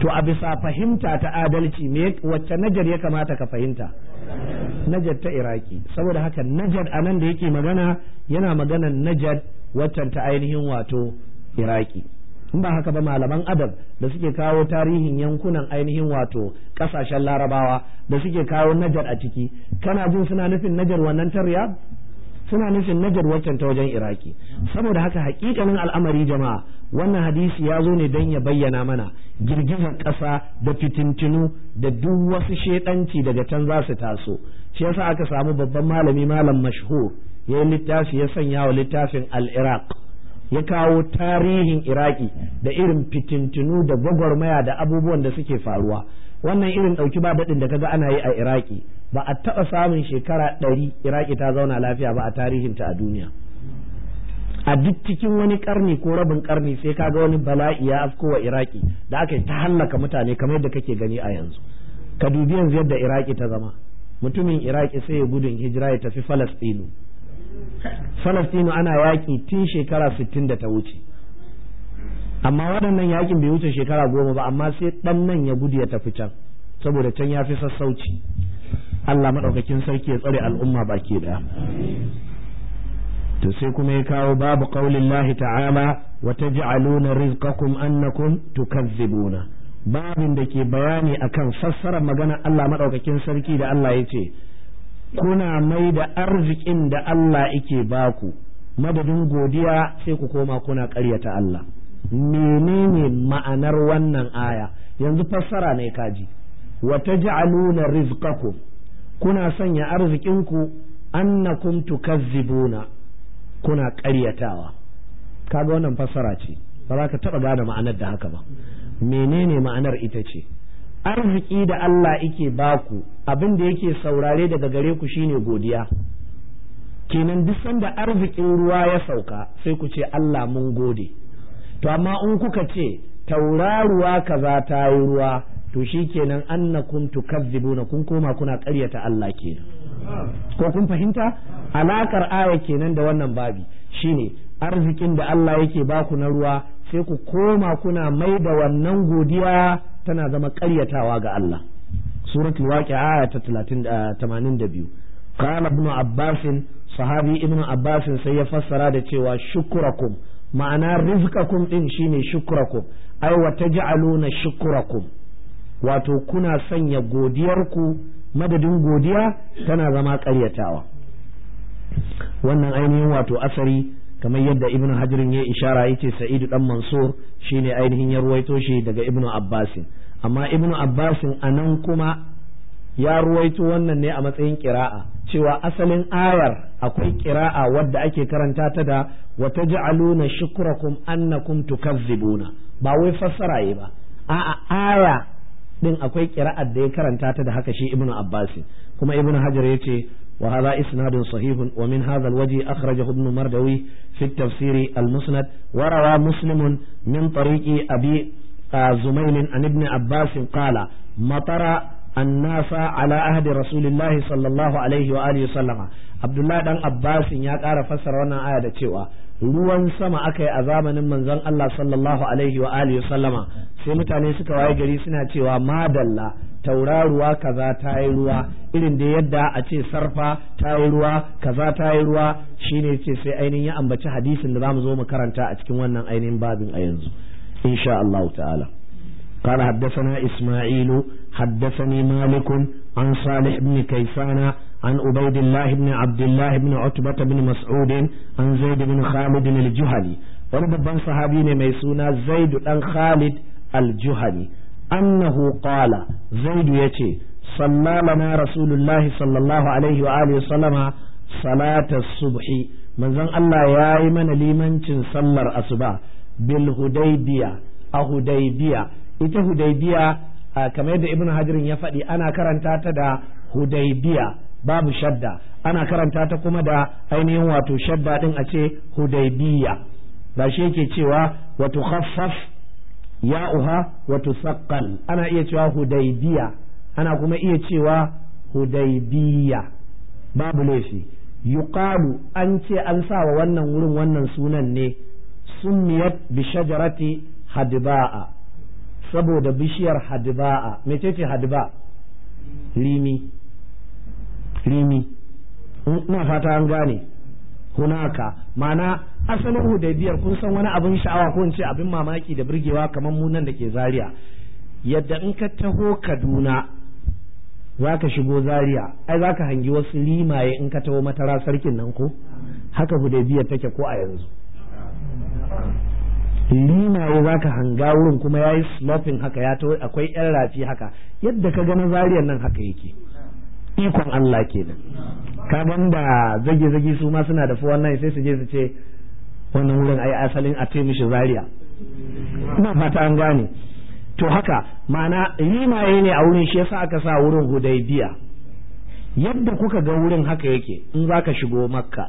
to a bisa fahimta ta adalci me wacce Najar ya kamata ka fahimta Najar ta Iraki saboda haka Najar a nan da yake magana yana magana Najar waccan ta ainihin wato Iraki in ba haka ba malaman adab da suke kawo tarihin yankunan ainihin wato kasashen larabawa da suke kawo najar a ciki kana jin suna nufin najar wannan ta riyad suna nufin najar waccan ta wajen iraki saboda haka hakikanin al'amari jama'a wannan hadisi ya zo ne don ya bayyana mana girgizar ƙasa da fitintinu da duk wasu shedanci daga can za su taso shi yasa aka samu babban malami malam mashhur ya yi littafi ya sanya wa littafin al-iraq ya kawo tarihin iraki da irin fitintinu da gwagwarmaya da abubuwan da suke faruwa wannan irin ɗauki ba daɗin da kaga ana yi a iraki ba a taɓa samun shekara ɗari iraki ta zauna lafiya ba a tarihinta a duniya a duk cikin wani karni ko rabin karni sai ka ga wani bala'i ya afko wa iraki da aka yi ta hallaka mutane kamar yadda kake gani a yanzu ka dubi yanzu yadda iraki ta zama mutumin iraki sai ya gudun hijira ya tafi falastinu falastinu ana yaƙi tun shekara sittin da ta wuce amma waɗannan yakin bai wuce shekara goma ba amma sai ɗan nan ya gudu ya tafi can saboda can ya fi sassauci Allah maɗaukakin sarki ya tsare al'umma baki ɗaya to sai kuma ya kawo babu qaulin lahi ta'ala wa taj'aluna rizqakum annakum tukazzibuna babin da ke bayani akan fassarar magana Allah madaukakin sarki da Allah ya ce kuna mai da arzikin da Allah yake baku madadin godiya sai ku koma kuna ƙaryata Allah menene ma'anar wannan aya yanzu fassara ne kaji wa taj'aluna rizqakum kuna sanya arzikinku annakum tukazzibuna kuna ƙaryatawa kaga wannan fassara ce ba za ka taɓa gane ma'anar da haka ba menene ma'anar ita ce arziki da Allah yake baku abin da yake saurare daga gare ku shine godiya kenan duk sanda arzikin ruwa ya sauka sai ku ce Allah mun gode to amma in kuka ce tauraruwa kaza ta yi ruwa to shikenan annakum tukazzibuna kun koma kuna ƙaryata Allah kenan ko kun fahimta alakar aya kenan da wannan babi shine arzikin da Allah yake baku na ruwa sai ku koma kuna mai da wannan godiya tana zama ƙaryatawa ga Allah suratul waqi'a aya ta 82 eh, qala ibn abbas sahabi ibn abbas sai ya fassara da cewa shukrakum ma'ana rizqakum din shine shukrakum ay wa taj'aluna shukrakum wato kuna sanya godiyarku madadin godiya tana zama ƙaryatawa wannan ainihin wato asari kamar yadda ibnu hajirin ya ishara yace sa'idu dan mansur shine ainihin ya ruwaito shi daga ibnu abbasin amma ibnu abbasin anan kuma ya ruwaito wannan ne a matsayin ƙira'a cewa asalin ayar akwai ƙira'a wadda ake karanta ta da wata ja'aluna shukrakum annakum tukazzibuna ba wai fassara yi ba a'a aya din akwai ƙira'ar da ya karanta ta da haka shi ibnu abbasin kuma ibnu hajar yace وهذا إسناد صحيح ومن هذا الوجه أخرجه ابن مردوي في التفسير المسند وروى مسلم من طريق أبي زميل عن ابن عباس قال مطر الناس على عهد رسول الله صلى الله عليه وآله وسلم عبد الله بن عباس يا قال فسر وانا آية cewa ruwan sama aka yi a zamanin manzon Allah sallallahu alaihi wa alihi sallama sai mutane suka waye gari suna cewa madalla tauraruwa kaza ta yi ruwa irin da yadda a ce sarfa ta yi ruwa kaza ta yi ruwa shine ce sai ainihin ya ambaci hadisin da za mu zo mu karanta a cikin wannan ainihin babin a yanzu insha Allah ta'ala قال حدثنا إسماعيل حدثني مالك عن صالح بن كيسان عن عبيد الله بن عبد الله بن عتبة بن مسعود عن زيد بن خالد الجهني wani babban sahabi ne mai suna zaidu dan khalid al annahu qala zaidu yace sallalana rasulullahi sallallahu alaihi wa alihi sallama salata subhi manzon Allah ya yi mana limancin sallar asuba bil hudaybiya a hudaybiya ita hudaybiya kamar da Ibn hajarin ya faɗi ana karanta ta da hudaybiya babu shadda ana karanta ta kuma da ainihin wato shadda ɗin a ce hudaybiya ba shi yake cewa wato khaffaf Ya uha wa tusaqqal ana iya cewa hudaybiya ana kuma iya cewa hudaybiya babu laifi yuqalu an ce an sa wa wannan wurin wannan sunan ne summiyat bi shajarati hadba'a saboda bishiyar hadba'a mecece hadba limi limi ina fata an gane hunaka ma'ana asalin biyar kun san wani abin sha'awa ko in ce abin mamaki da burgewa kamar mu nan da ke zaria yadda in ka taho kaduna za ka shigo zaria ai za ka hangi wasu limaye in ka taho matara sarkin nan ko haka hudaybiyar take ko a yanzu limaye za ka hanga wurin kuma ya yi slopping haka ya taho akwai yan rafi haka yadda ka gani zariyar nan haka yake ikon Allah kenan ka da zage-zage su ma suna da 419 sai su je su ce wannan wurin ai asalin a taimi shi zaria ina fata an gane to haka ma'ana limaye ne a wurin shi yasa aka sa wurin hudaybiya yadda kuka ga wurin haka yake in za ka shigo makka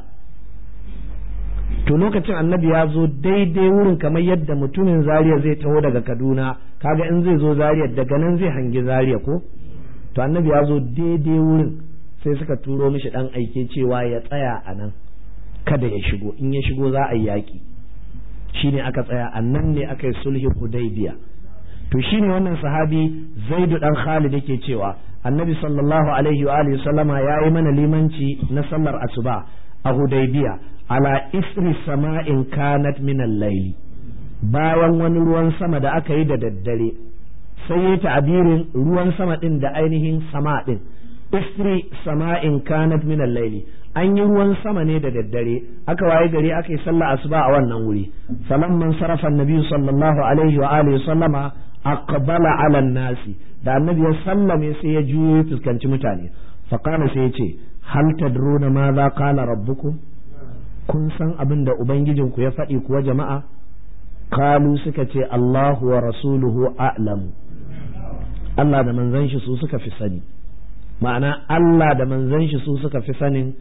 to lokacin annabi ya zo daidai wurin kamar yadda mutumin zariya zai taho daga kaduna kaga in zai zo zariya daga nan zai hangi zariya ko to annabi ya zo daidai wurin sai suka turo mishi dan aike cewa ya tsaya a nan kada ya shigo in ya shigo za a yi yaƙi shi ne aka tsaya a nan ne aka yi sulhi hudaybiya to shi ne wannan sahabi zaidu dan khalid yake cewa annabi sallallahu alaihi wa alihi sallama yi mana limanci na sallar asuba a hudaybiya ala isri sama'in kanat min al-layl bayan wani ruwan sama da aka yi da daddare sai ya ta'abirin ruwan sama ɗin da ainihin sama din isri sama'in kanat min al an yi ruwan sama ne da daddare aka waye gari aka yi sallah asuba a wannan wuri Salam man sarafa annabi sallallahu alaihi wa alihi sallama aqbala ala nasi da annabi ya sallame sai ya juyo fuskanci mutane fa kana sai ya ce hal tadruna ma za qala rabbukum kun san abinda da ubangijinku ya faɗi kuwa jama'a kalu suka ce Allahu wa rasuluhu a'lamu Allah da manzon shi su suka fi sani ma'ana Allah da manzon shi su suka fi sanin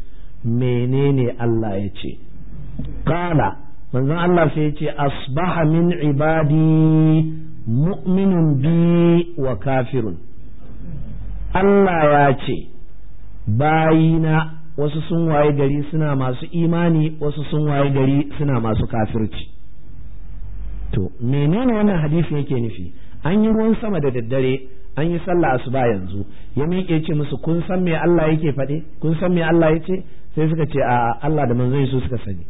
menene Allah ya ce qala manzon Allah sai ya ce asbaha min ibadi mu'minun bi wa kafirun Allah ya ce bayina wasu sun waye gari suna masu imani wasu sun waye gari suna masu kafirci to menene wannan hadisi yake nufi an yi ruwan sama da daddare an yi sallah asuba yanzu ya miƙe ce musu kun san me Allah yake faɗe kun san me Allah yace sai suka ce a Allah da manzon su suka sani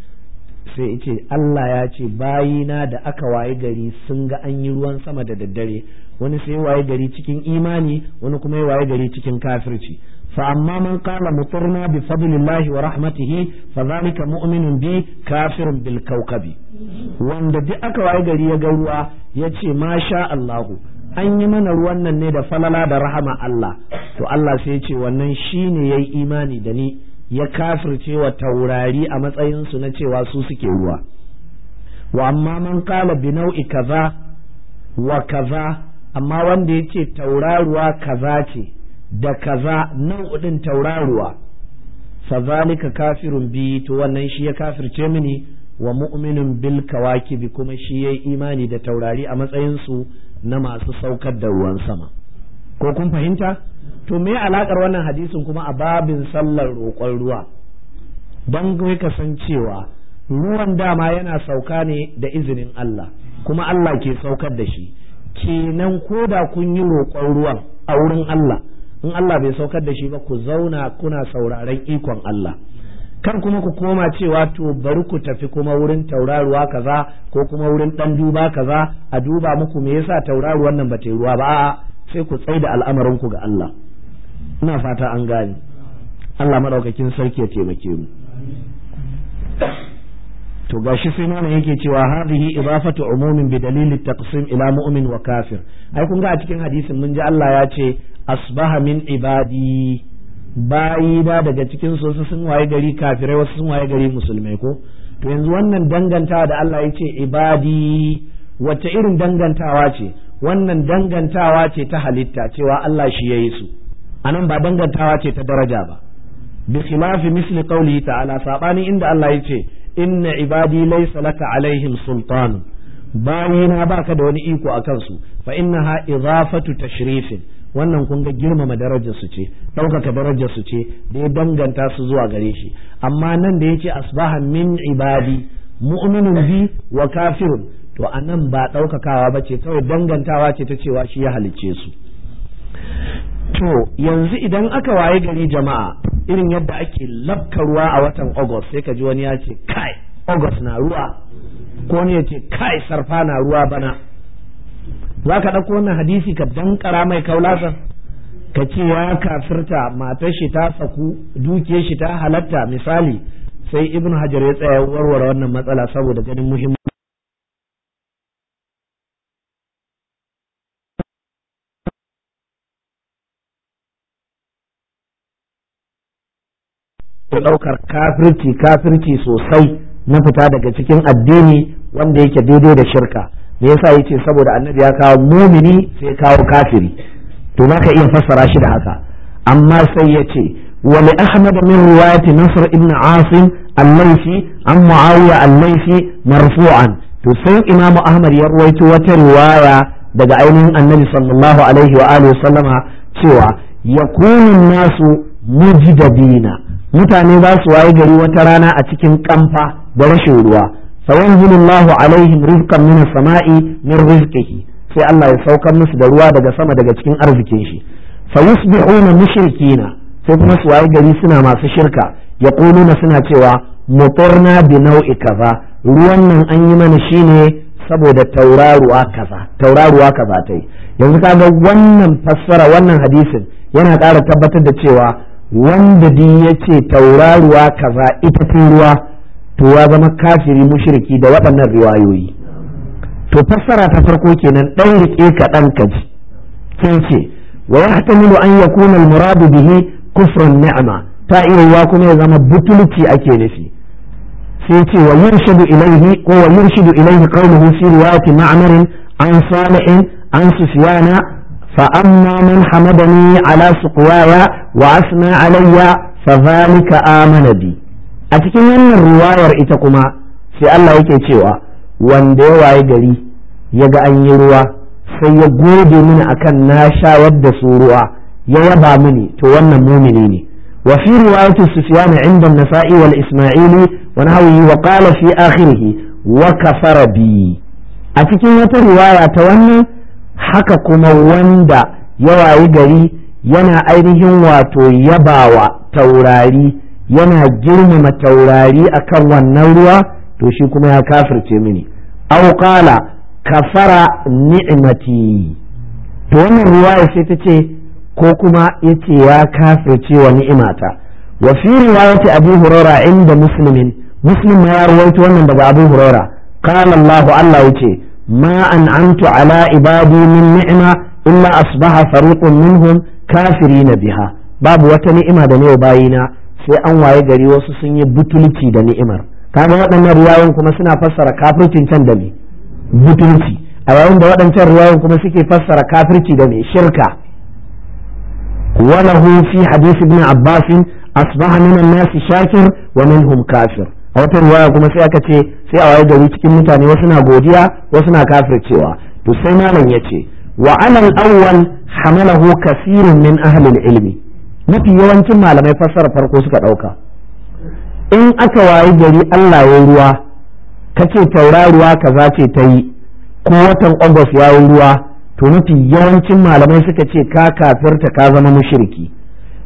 sai ce Allah ya ce bayina da aka waye gari sun ga an yi ruwan sama da daddare wani sai waye gari cikin imani wani kuma ya waye gari cikin kafirci fa amma man qala mutarna bi fadlillahi wa rahmatihi fa zalika mu'minun bi kafirun bil kawkabi wanda duk aka waye gari ya ga ruwa ya ce masha Allah an yi mana ruwan nan ne da falala da rahama Allah to Allah sai ya ce wannan shine yayi imani da ni ya kafirce wa taurari a matsayinsu na cewa su suke ruwa wa amma man kala bi nau'i kaza wa kaza amma wanda ya ce tauraruwa kaza ce da kaza nau'in tauraruwa fazalika kafirun bi to wannan shi ya kafirce mini wa mu'minin bil bi kuma shi yayi imani da taurari a matsayinsu na masu saukar da ruwan sama ko kun fahimta to me alakar wannan hadisin kuma a babin sallar roƙon ruwa don kai cewa ruwan dama yana sauka ne da izinin Allah kuma Allah ke saukar da shi kenan ko da kun yi roƙon ruwan a wurin Allah in Allah bai saukar da shi ba ku zauna kuna sauraren ikon Allah kan kuma ku koma cewa to bari ku tafi kuma wurin tauraruwa kaza ko kuma wurin dan duba kaza a duba muku me yasa tauraruwan nan ba ta ruwa ba sai ku tsaida al'amarin ku ga Allah ina fata an gane Allah maɗaukakin sarki ya taimake mu to gashi sai mana yake cewa hadhihi idafatu umumin bi dalili taqsim ila mu'min wa kafir ai kun ga a cikin hadisin mun ji Allah ya ce asbaha min ibadi bayi ba daga cikin su sun waye gari kafirai wasu sun waye gari musulmai ko to yanzu wannan dangantawa da Allah ya ce ibadi wacce irin dangantawa ce wannan dangantawa ce ta halitta cewa Allah shi ya yi su anan ba dangantawa ce ta daraja ba bi khilafi misli qawlihi ta'ala sabani inda Allah yace ce inna ibadi laysa laka alaihim sultan bayina baka da wani iko akan su fa innaha idafatu tashrifin wannan kun ga girmama darajar su ce ɗaukaka darajar su ce da ya danganta su zuwa gare shi amma nan da yace asbaha min ibadi mu'minun bi wa kafirun to anan ba ɗaukakawa ba ce kawai dangantawa ce ta cewa shi ya halicce su to yanzu idan aka waye gari jama'a irin yadda ake labka ruwa a watan august sai ka ji wani ya ce kai august na ruwa ko ne ya ce kai sarfa na ruwa bana za ka ɗauko wannan hadisi ka dankara mai kaulasa ka ce ya kafirta matar shi ta saku dukiyar shi ta halatta misali sai Ibn hajar ya tsaya warware wannan matsala saboda ganin muhimmanci ko ɗaukar kafirci kafirci sosai na fita daga cikin addini wanda yake daidai da shirka me yasa yace saboda annabi ya kawo mumini sai kawo kafiri to za ka iya fassara shi da haka amma sai ya ce wa li ahmad min riwayati nasr ibn asim al-laythi an muawiya al-laythi marfu'an to sai imamu ahmad ya ruwaito wata riwaya daga ainihin annabi sallallahu alaihi wa alihi sallama cewa yakunu nasu mujdabina mutane za su waye gari wata rana a cikin kamfa da rashin ruwa sawanzilu Allahu alaihim rizqan min samai min rizqihi sai Allah ya saukar musu da ruwa daga sama daga cikin arzikin shi fayusbihuna mushrikina sai kuma su waye gari suna masu shirka yaquluna suna cewa mutarna bi nau'i kaza ruwan nan an yi mana shine saboda tauraruwa kaza tauraruwa kaza tai yanzu kaga wannan fassara wannan hadisin yana ƙara tabbatar da cewa wanda di ya ce tauraruwa kaza ita ruwa to ya zama kafiri mushriki da waɗannan riwayoyi to fassara ta farko kenan dan rike ka dan kaji kin ce wa yahtamilu an yakuna al-muradu bihi kufrun ni'ama ta iya kuma ya zama butulci ake nufi sai ce wa yurshidu ilaihi ko wa yurshidu ilaihi qawluhu fi riwayati ma'marin an salihin an فأما من حمدني على سقواي وأثنى علي فذلك آمن بي أتكين من الرواية رئيتكما في الله يكيتشوا وان ديوا يقلي يقى أن يروى سيقود من أكن ناشا ود سوروا يوضع مني تونا مؤمنيني وفي رواية السفيان عند النساء والإسماعيل ونحوه وقال في آخره وكفر بي أتكين الرواية تونا haka kuma wanda ya wayi gari yana ainihin wato yabawa taurari yana girmama taurari akan wannan ruwa to shi kuma ya kafirce mini aw qala kafara ni'mati to wannan ya sai ta ce ko kuma ya yace ya kafirce wa ni'imata wa fi riwayati abi hurara inda muslimin muslim ya ruwaita wannan daga abu hurara qala allah allah yace ma an'amtu ala ibadi min ni'ima illa asbaha fariqun minhum na biha babu wata ni'ima da ne bayina sai an waye gari wasu sun yi butulci da ni'imar kaga waɗannan kuma suna fassara kafircin can da me butulci a yayin da waɗancan ruwayoyin kuma suke fassara kafirci da me shirka وله في حديث ابن عباس أصبح من الناس شاكر ومنهم كافر a wata ruwaya kuma sai aka ce sai a waye gari cikin mutane wasu na godiya wasu na kafircewa to sai malam ya ce wa auwal awwal hamalahu kasirun min ahlil ilmi mafi yawancin malamai fassara farko suka dauka in aka waye gari Allah ya ruwa kace tauraruwa kaza ce ta yi ko watan ogos ya ruwa to mafi yawancin malamai suka ce ka kafirta ka zama mushriki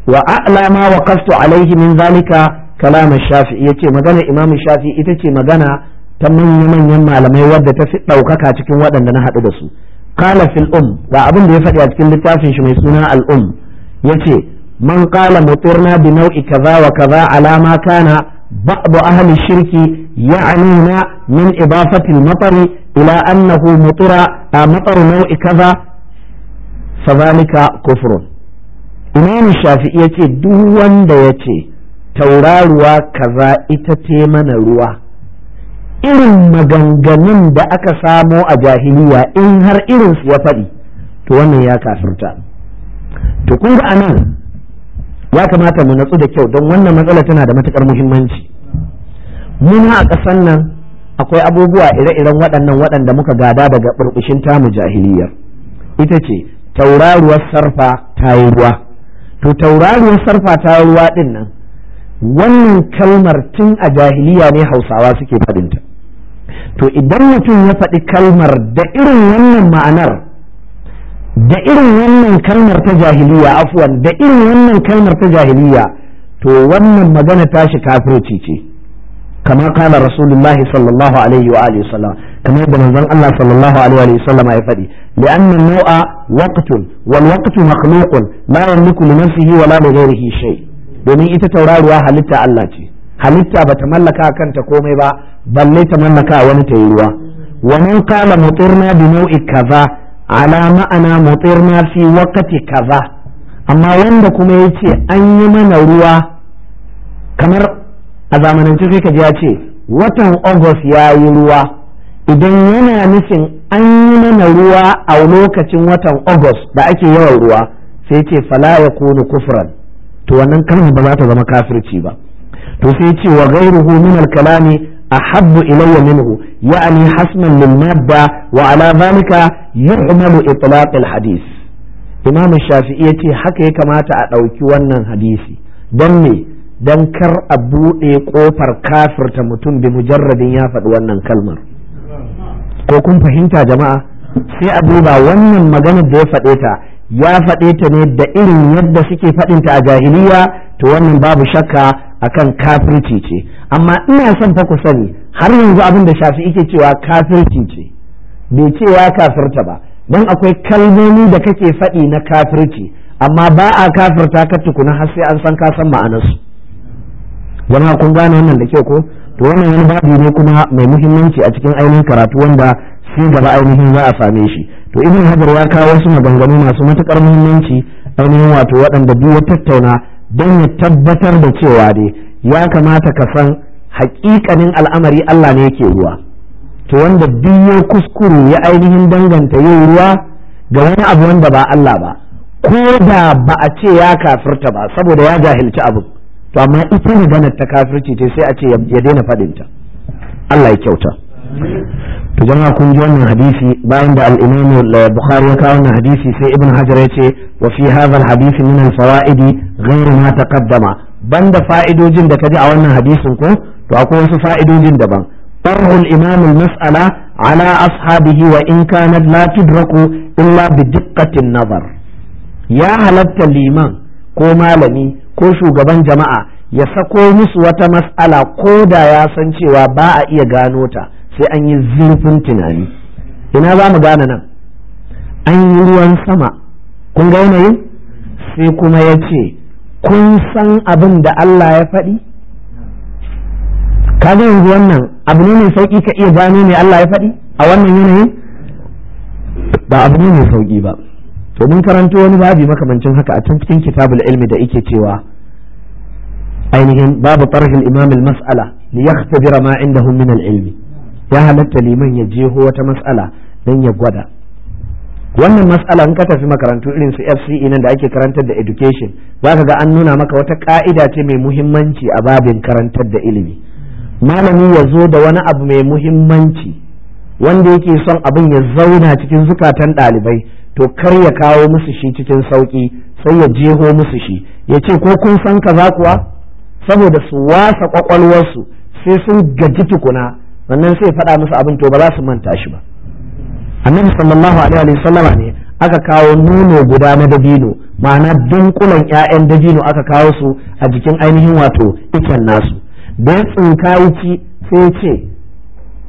wa alama wa qastu alaihi min zalika kalamar shafi ya ce magana imamin shafi ita ce magana ta manya-manyan malamai wadda ta fi ɗaukaka cikin waɗanda na haɗu da su kala fil um ga abin da ya faɗi a cikin littafin shi mai suna al um ya ce man kala mutirna bi nau'i kaza wa kaza alama kana بعض أهل الشرك يعنون من إضافة المطر إلى أنه مطر مطر نوع كذا فذلك كفر ya ce يتي wanda ya ce. tauraruwa kaza ita ce mana ruwa irin maganganun da aka samo a jahiliya in har irinsu ya faɗi to wannan ya kafirta to kun ga anan ya kamata mu natsu da kyau don wannan matsala tana da matukar muhimmanci mun a ƙasan nan akwai abubuwa ire-iren waɗannan waɗanda muka gada daga burbushin tamu jahiliyar ita ce tauraruwar sarfa ta yi ruwa to tauraruwar sarfa ta yi ruwa ɗin nan wannan kalmar tun a jahiliya ne hausawa suke faɗinta to idan mutum ya faɗi kalmar da irin wannan ma'anar da irin wannan kalmar ta jahiliya afuwan da irin wannan kalmar ta jahiliya to wannan magana tashi kafirci ce kama kana rasulullahi sallallahu alaihi wa alihi wasallam kama yadda manzon Allah sallallahu alaihi wa sallam ya faɗi li'anna nau'a waqtun wal waqtu makhluqun la yamliku li nafsihi wa la domin ita tauraruwa halitta Allah ce halitta bata mallaka kanta komai ba balle ta mallaka wani ta yi ruwa wa man qala mutirna bi nau'i kaza ala ma'ana mutirna fi waqti kaza amma wanda kuma yace an yi mana ruwa kamar a zamanance sai kaji ya ce watan august ya yi ruwa idan yana nufin an yi mana ruwa a lokacin watan august da ake yawan ruwa sai ce fala ya kunu kufran to wannan kalmar ba za ta zama kafirci ba to sai ce wa ghayruhu min al-kalami ahabbu ilayya minhu ya'ni hasman lil madda wa ala dhalika yu'malu itlaq al-hadith imam shafi'i yace haka ya kamata a ɗauki wannan hadisi don me don kar a buɗe ƙofar kafirta mutum bi mujarradin ya faɗi wannan kalmar ko kun fahimta jama'a sai a duba wannan maganar da ya faɗe ta ya faɗe ta ne da irin yadda suke faɗinta a jahiliya to wannan babu shakka akan kafirci ce amma ina son fa ku sani har yanzu abin da shafi ike cewa kafirci ce bai ce ya kafirta ba don akwai kalmomi da kake faɗi na kafirci amma ba a kafirta ka tukuna har sai an san ka san ma'anarsu wani kun gane wannan da kyau ko to wannan wani babu ne kuma mai muhimmanci a cikin ainihin karatu wanda sai gaba ainihin za a same shi to ibn hajar ya kawo wasu maganganu masu matukar muhimmanci ainihin wato waɗanda duk ya tattauna don ya tabbatar da cewa dai ya kamata ka san haƙiƙanin al'amari Allah ne yake ruwa to wanda duk ya kuskuru ya ainihin danganta yau ruwa ga wani abu wanda ba Allah ba ko da ba a ce ya kafirta ba saboda ya jahilci abu to amma ita maganar ta kafirci ce sai a ce ya daina faɗinta Allah ya kyauta to jama'a kun ji wannan hadisi bayan da al-Imam al-Bukhari ya kawo wannan hadisi sai Ibn Hajar ya ce wa fi hadha al-hadisi min al-fawaid ghayr ma taqaddama banda fa'idojin da kaji a wannan hadisin ko to akwai wasu fa'idojin daban طرح الإمام المسألة على أصحابه وإن كانت لا تدرك إلا بدقة النظر يا هلت الإمام ko malami ko shugaban jama'a ya sako musu wata mas'ala ko da ya san cewa ba a iya gano ta sai an yi zurfin tunani ina ba mu gane nan an yi ruwan sama kun ga yanayin sai kuma ya ce kun san abin da Allah ya faɗi kaga yanzu wannan abu ne mai sauƙi ka iya gano mai Allah ya faɗi a wannan yanayin ba abu ne mai sauƙi ba to mun karanto wani babi makamancin haka a can cikin kitabul ilmi da yake cewa ainihin babu tarhin imamul masala li yaktabira ma indahum min al-ilmi ya halatta liman ya jeho wata matsala don ya gwada wannan matsala in ka tafi makarantu irin su FCE nan da ake karantar da education za ka ga an nuna maka wata ka'ida ce mai muhimmanci a babin karantar da ilimi malami ya zo da wani abu mai muhimmanci wanda yake son abin ya zauna cikin zukatan ɗalibai to kar ya kawo musu shi cikin sauki sai ya jeho musu shi ya ce ko kun san kaza kuwa saboda su wasa kwakwalwarsu sai sun gaji tukuna wannan sai faɗa musu abin to ba za su manta shi ba annabi sallallahu alaihi wa sallama ne aka kawo nono guda na dabino ma'ana dunkulan ƴaƴan dabino aka kawo su a jikin ainihin wato iken nasu don tsinkayi sai ce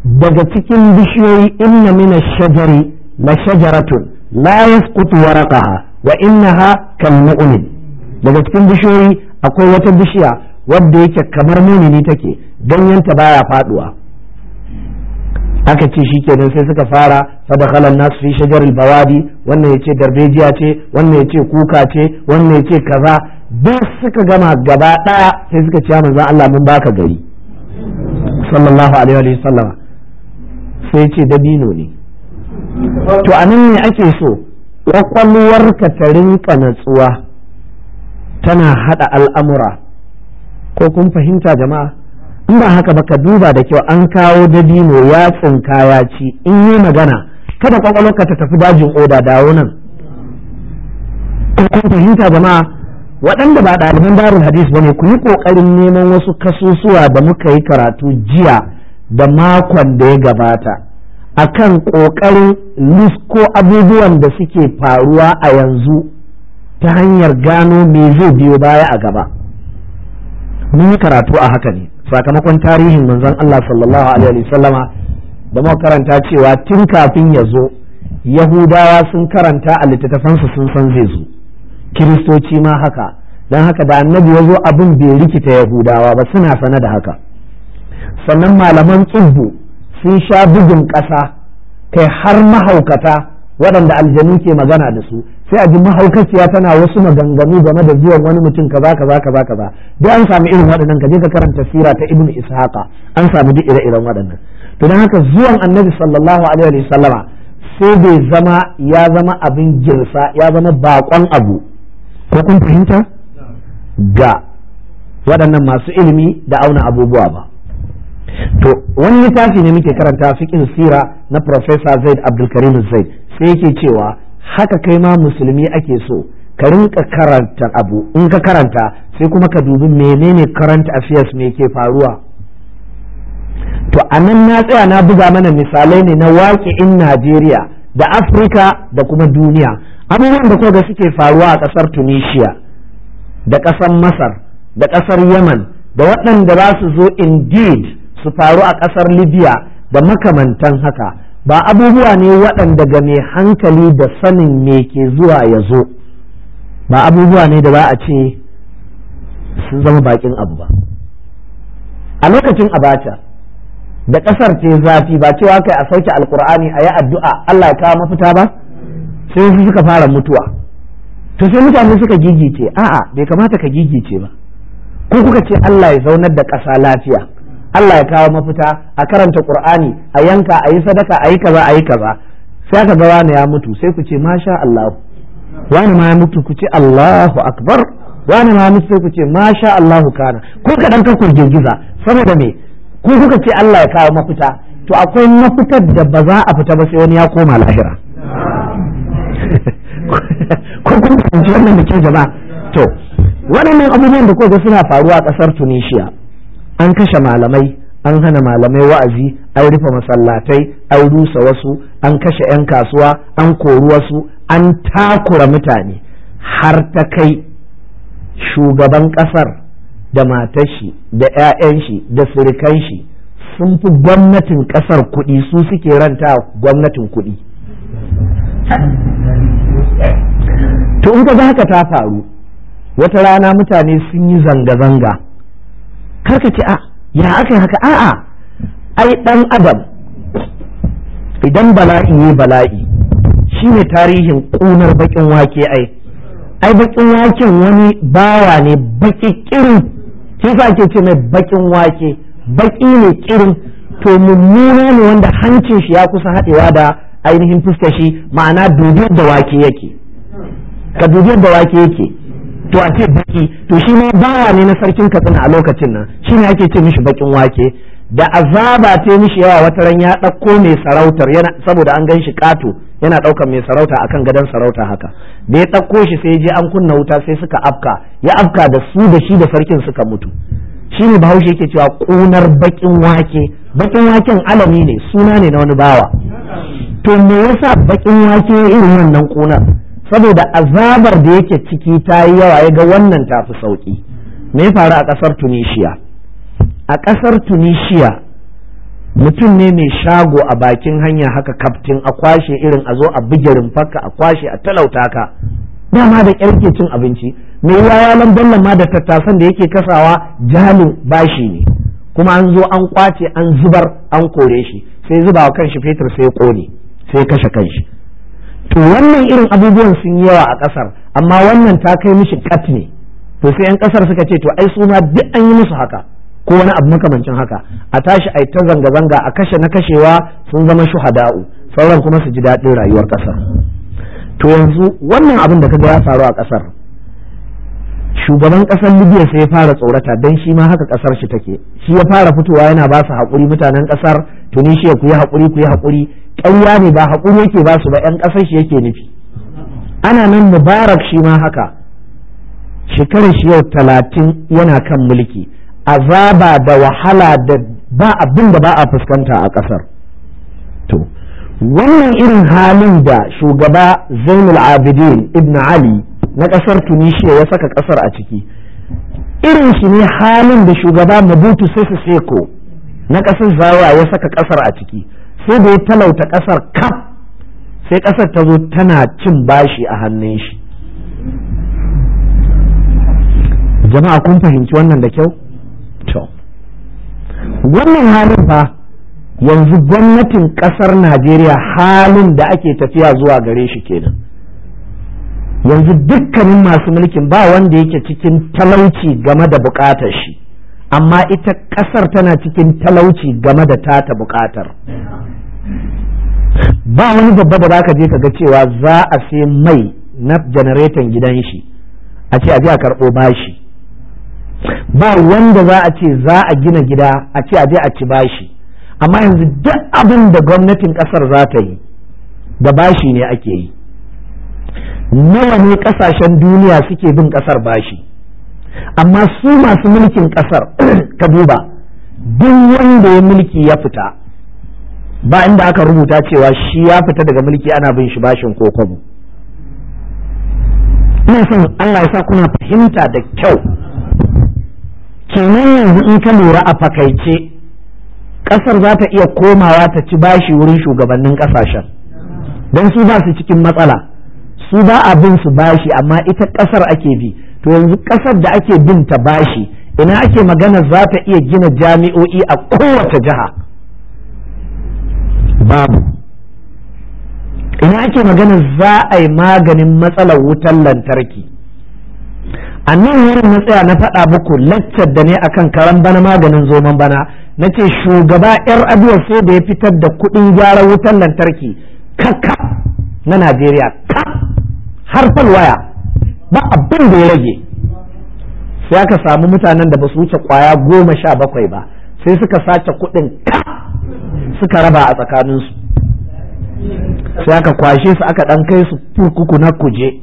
daga cikin bishiyoyi inna mina shajari la shajaratun la yasqutu waraqaha wa innaha kalmu'un daga cikin bishiyoyi akwai wata bishiya wadda yake kamar munini take ganyen ta baya faduwa aka ce shi kenan sai suka fara fadakhalan nasu fi shajar bawadi wannan ya ce darbejiya ce wannan ya ce kuka ce wannan ya ce kaza duk suka gama gaba daya sai suka ce manzo Allah mun baka gari sallallahu alaihi wa sallama sai ce dabino ne to a nan ne ake so kwakwalwarka ta rinka natsuwa tana haɗa al'amura ko kun fahimta jama'a in ba haka ba ka duba da kyau an kawo dabino ya tsinka ya ci in yi magana kada ka ta tafi dajin oda dawo nan kun fahimta jama'a waɗanda ba ɗaliban darul hadis ba ne ku yi ƙoƙarin neman wasu kasusuwa da muka yi karatu jiya da makon da ya gabata akan ƙoƙarin ko abubuwan da suke faruwa a yanzu ta hanyar gano me zai biyo baya a gaba. mun yi karatu a haka ne sakamakon tarihin manzon Allah sallallahu alaihi sallama da muka karanta cewa tun kafin ya zo yahudawa sun karanta a su sun san zai zo kiristoci ma haka dan haka da annabi ya zo abin bai rikita yahudawa ba suna sana da haka sannan malaman tsubbu sun sha bugun ƙasa kai har mahaukata waɗanda aljanu ke magana da su sai a ji mahaukaciya tana wasu maganganu game da zuwan wani mutum kaza kaza kaza kaza duk an samu irin waɗannan ka je ka karanta sira ta ibnu ishaqa an samu duk ire-iren waɗannan to haka zuwan annabi sallallahu alaihi wa sallama sai bai zama ya zama abin girsa ya zama bakon abu ko kun fahimta ga waɗannan masu ilimi da auna abubuwa ba to wani littafi ne muke karanta fikin sira na professor Zaid Abdulkarim Karim Zaid sai yake cewa haka kai ma musulmi ake so ka rinka karanta abu in ka karanta sai kuma ka dubi menene current affairs me ke faruwa to anan na tsaya na buga mana misalai ne na in Najeriya da Afirka da kuma duniya abubuwan da kuma suke faruwa a ƙasar Tunisia da ƙasar Masar da ƙasar Yaman da waɗanda za su zo indeed su faru a ƙasar libya da makamantan haka ba abubuwa ne waɗanda ga mai hankali da sanin me ke zuwa ya zo ba abubuwa ne da ba a ce sun zama bakin abu ba a lokacin abacha da ƙasar ce zafi ba cewa kai a sauke alkur'ani a yi addu'a allah ya kawo mafita ba sai suka fara mutuwa to sai mutane suka gigice a'a bai kamata ka gigice ba ko kuka ce Allah ya zaunar da ƙasa lafiya Allah ya kawo mafita a karanta Qur'ani a yanka a yi sadaka a yi kaza a yi kaza sai ka ga wani ya mutu sai ku ce masha Allah wani ma ya mutu ku ce Allahu akbar wani ma ya mutu sai ku ce masha Allah kana ko kadan ka ku girgiza saboda me ku kuka ce Allah ya kawo mafita to akwai mafitar da ba za a fita ba sai wani ya koma lahira ko kun fahimci wannan da ke jama'a to waɗannan abubuwan da kuka suna faruwa a ƙasar Tunisia an kashe malamai an hana malamai wa'azi an rufe masallatai an rusa wasu an kashe 'yan kasuwa an kori wasu an takura mutane har ta kai shugaban ƙasar da matashi da 'ya'yan shi da surikan shi sun fi gwamnatin ƙasar kuɗi su suke ranta gwamnatin kuɗi to in ka ta faru wata rana mutane sun yi zanga-zanga karka ce a ya aka yi haka a'a ai dan adam idan bala'i ne bala'i shine tarihin ƙunar bakin wake ai ai bakin waken wani bawa ne baki kirin shi sa ake ce mai bakin wake baki ne kirin to mummuna ne wanda hancin shi ya kusa haɗewa da ainihin fuskar shi ma'ana dubiyar da wake yake ka dubiyar da wake yake to a ce baki to shi ma bawa ne na sarkin katsina a lokacin nan shi ne ake ce mishi bakin wake da azaba ce mishi yawa wata ran ya ɗauko mai sarautar yana saboda an gan shi ƙato yana ɗaukar mai sarauta akan gadon sarauta haka da ya ɗauko shi sai je an kunna wuta sai suka afka ya afka da su da shi da sarkin suka mutu shi ne bahaushe yake cewa ƙunar bakin wake bakin waken alami ne suna ne na wani bawa to me yasa bakin wake irin wannan kunar. saboda azabar da yake ciki ta yi yawa ya ga wannan ta fi sauƙi. me ya faru a ƙasar tunisia a ƙasar tunisia mutum ne mai shago a bakin hanya haka kaftin a kwashe irin a zo a buge rumfarka a kwashe a talauta ka dama da ƙyarke cin abinci mai yayalan bello ma da tattasan da yake kasawa jalin bashi ne kuma an zo an kwace an zubar an kore shi sai zubawa kanshi fetur sai kone sai kashe kanshi to wannan irin abubuwan sun yi yawa a ƙasar amma wannan ta kai mishi kat ne to sai 'yan ƙasar suka ce to ai su ma duk an yi musu haka ko wani abu makamancin haka a tashi a ta zanga-zanga a kashe na kashewa sun zama shuhada'u sauran kuma su ji daɗin rayuwar ƙasar to yanzu wannan abin da kaga ya faru a ƙasar shugaban ƙasar libya sai ya fara tsorata don shi ma haka ƙasar shi take shi ya fara fitowa yana ba su haƙuri mutanen ƙasar tuni ku yi haƙuri ku yi haƙuri ƙarya ne ba haƙuri yake ba su ba ƴan ƙasar shi yake nufi ana nan mubarak shi ma haka shekarar shi yau talatin yana kan mulki azaba da wahala da ba abin da ba a fuskanta a ƙasar to wannan irin halin da shugaba zainul abidin ibn ali na ƙasar tunisia ya saka ƙasar a ciki irin shi ne halin da shugaba mabutu su seko na ƙasar zawa ya saka ƙasar a ciki sai da ya talauta ƙasar kaf sai ƙasar ta zo tana cin bashi a hannun shi jama'a kun fahimci wannan da kyau to wannan halin fa yanzu gwamnatin ƙasar najeriya halin da ake tafiya zuwa gare shi kenan yanzu dukkanin masu mulkin ba wanda yake cikin talauci game da buƙatar shi amma ita ƙasar tana cikin talauci game da tata buƙatar ba wani babba da ka je ka ga cewa za a sai mai na janaretan gidan shi a ce a je a karɓo bashi ba wanda za a ce za a gina gida a ce a je a ci bashi amma yanzu duk abin da gwamnatin ƙasar za ta yi da bashi ne ake yi nawa ne ƙasashen duniya suke bin ƙasar bashi amma su masu mulkin kasar <clears throat> ka duba duk wanda ya mulki ya fita ba inda aka rubuta cewa shi ya fita daga mulki ana bin shi bashin ko kwabo ina son Allah ya sa kuna fahimta da kyau kenan yanzu in ka lura a fakaice kasar za ta iya komawa ta ci bashi wurin shugabannin kasashen don su ba su cikin matsala su ba abin su bashi amma ita kasar ake bi to yanzu ƙasar da ake bin ta bashi ina ake magana za ta iya gina jami'o'i a kowace jiha babu ina ake magana za a yi maganin matsalar wutar lantarki a nan wurin na na faɗa muku laccar da ne akan karan bana maganin zoman bana na ce shugaba yar abuwa sai da ya fitar da kuɗin gyara wutar lantarki kakka na najeriya ka harfar waya ba abin da ya rage sai aka samu mutanen da ba su wuce kwaya goma sha bakwai ba sai suka sace kuɗin ka suka raba a tsakaninsu sai aka kwashe su aka ɗan kai su kurkuku na kuje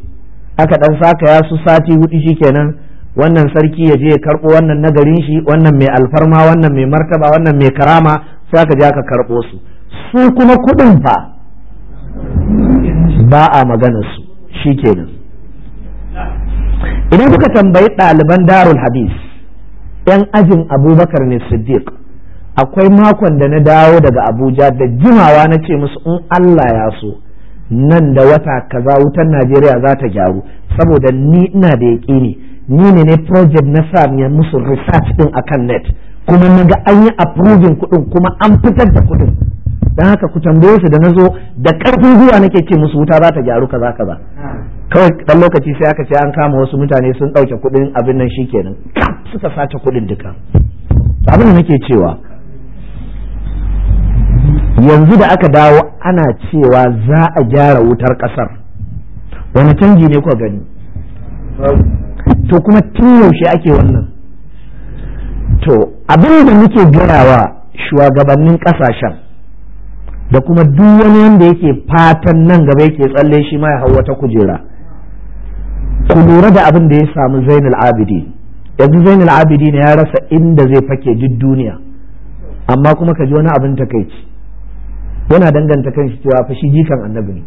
aka ɗan saka ya su sati hudu shikenan wannan sarki ya je ya karɓo wannan nagarin shi wannan mai alfarma wannan mai martaba wannan mai karama sai aka je aka karɓo su su kuma kuɗin fa ba a maganar su shikenan idan kuka tambayi ɗaliban darul hadis yan ajin abubakar ne siddiq akwai makon da na dawo daga abuja da jimawa na ce musu in allah ya so nan da wata kaza wutan najeriya za ta gyaru saboda ni ina da ƙi ni ne ne project na sa musu research din akan net kuma na ga an yi approving kuɗin kuma an fitar da kuɗin don haka ku tambaye su da na zo da ƙarfin zuwa nake ce musu wuta za ta gyaru kaza kaza kawai ɗan lokaci sai aka ce an kama wasu mutane sun ɗauke kuɗin abin nan shi shikenan suka sace kuɗin duka abin da nake cewa yanzu da aka dawo ana cewa za a gyara wutar ƙasar wani canji ne kuka gani to kuma tun yaushe ake wannan to abin da gara wa shugabannin ƙasashen da kuma duk wani wanda yake fatan nan gaba yake tsalle shi ma ya hau wata kujera ku lura da abin da ya samu zainul abidi yanzu zainul abidi ne ya rasa inda zai fake duk duniya amma kuma ka ji wani abin takaici yana danganta kan shi cewa fa shi jikan annabi ne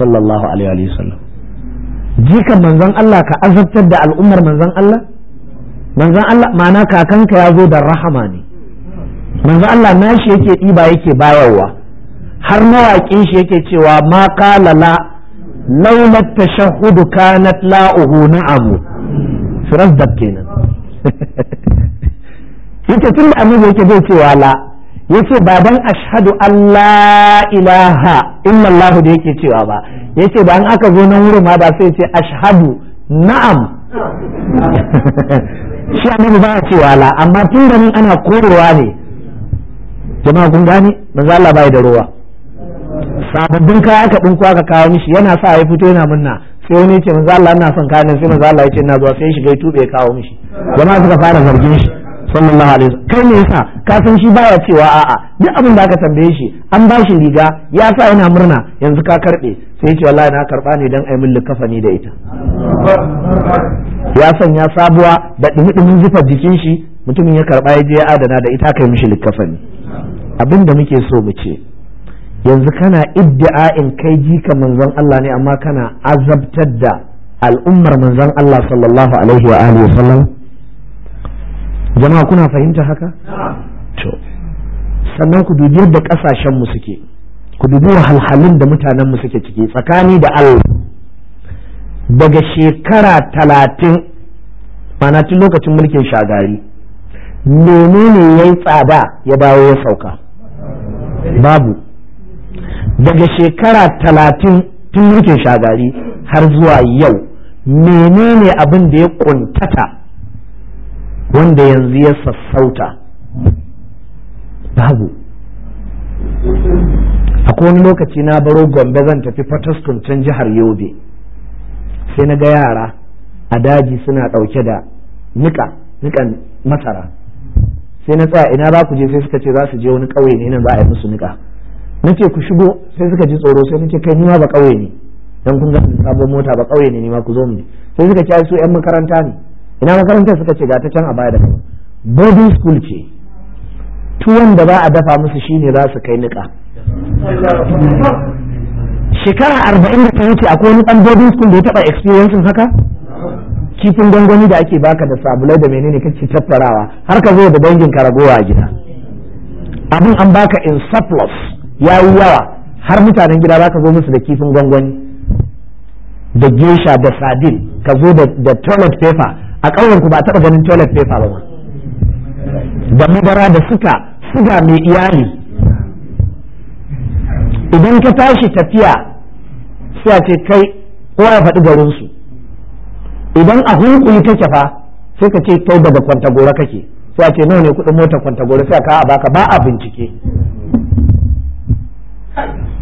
sallallahu alaihi wa sallam jikan manzon Allah ka azabtar da al'ummar manzon Allah manzon Allah ma'ana kakanka ya zo da rahama ne manzon Allah nashi yake ɗiba yake bayarwa har mawaƙin shi yake cewa ma qala la laula tashahhudu kanat la'uhu na'amu shirazdab kenan yace tunda annabi yake zai cewa la yace ba dan ashhadu an la ilaha illallah da yake cewa ba yace ba an aka zo na wuri ma ba sai ce ashhadu na'am shi annabi ba cewa la amma tun da nan ana korewa ne jama'a kun gani maza la bai da ruwa sababbin kaya ka dinko aka kawo mishi yana sa ya fito yana munna sai wani yace ce manzo Allah ina son kayan sai manzo Allah ya ina zuwa sai shi gai tube ya kawo mishi jama'a suka fara zargin shi sallallahu alaihi wasallam kai ne yasa ka san shi baya cewa a'a duk abin da aka tambaye shi an ba shi riga ya sa yana murna yanzu ka karbe sai yace wallahi na karba ne dan ayi min likafani da ita ya sanya sabuwa da dumi-dumin zufar jikin shi mutumin ya karba ya je ya adana da ita kai mishi likafani abinda muke so mu ce yanzu kana iddi'a in kai jika manzon Allah ne amma kana azabtar da al'ummar manzon Allah sallallahu alaihi wa alihi sallam jama'a kuna fahimta haka to sannan ku dubi yadda kasashen mu suke ku dubi wahalhalun da mutanen mu suke ciki tsakani da Allah daga shekara talatin mana tun lokacin mulkin shagari menene yayi tsada ya dawo ya sauka babu daga shekara talatin tun mulkin shagari har zuwa yau menene abin da ya kuntata wanda yanzu ya sassauta babu a wani lokaci na baro gombe zan tafi fataskun can jihar yobe sai na ga yara a daji suna ɗauke da nika nikan masara sai na tsaya ina za ku je sai suka ce za su je wani ƙauye ne nan za a yi musu nika na ce ku shigo sai suka ji tsoro sai nace kai nima ba ƙauye ne dan kun ga sabon mota ba ƙauye ne nima ku zo mu sai suka ce su yan makaranta ne ina makarantar suka ce ga ta can a baya da kai boarding school ce tuwon da ba a dafa musu shine za su kai niƙa shekara arba'in da ta wuce akwai wani ɗan boarding school da ya taɓa experience haka kifin gwangwani da ake baka da sabulai da menene kake tattarawa har ka zo da dangin karagowa a gida abin an baka in surplus ya yi yawa har mutanen gida baka ka zo musu da kifin gwangwani da gesha da sadin ka zo da toilet paper a ƙauyen ku ba taɓa ganin toilet paper ba da madara da suka suga mai iyali idan ka tashi tafiya sai a ce kai kowa ya faɗi garinsu idan a hunkuli kake fa sai ka ce kai daga kwanta gora kake sai a ce nawa ne kudin motar kwanta gore sai ka a baka ba a bincike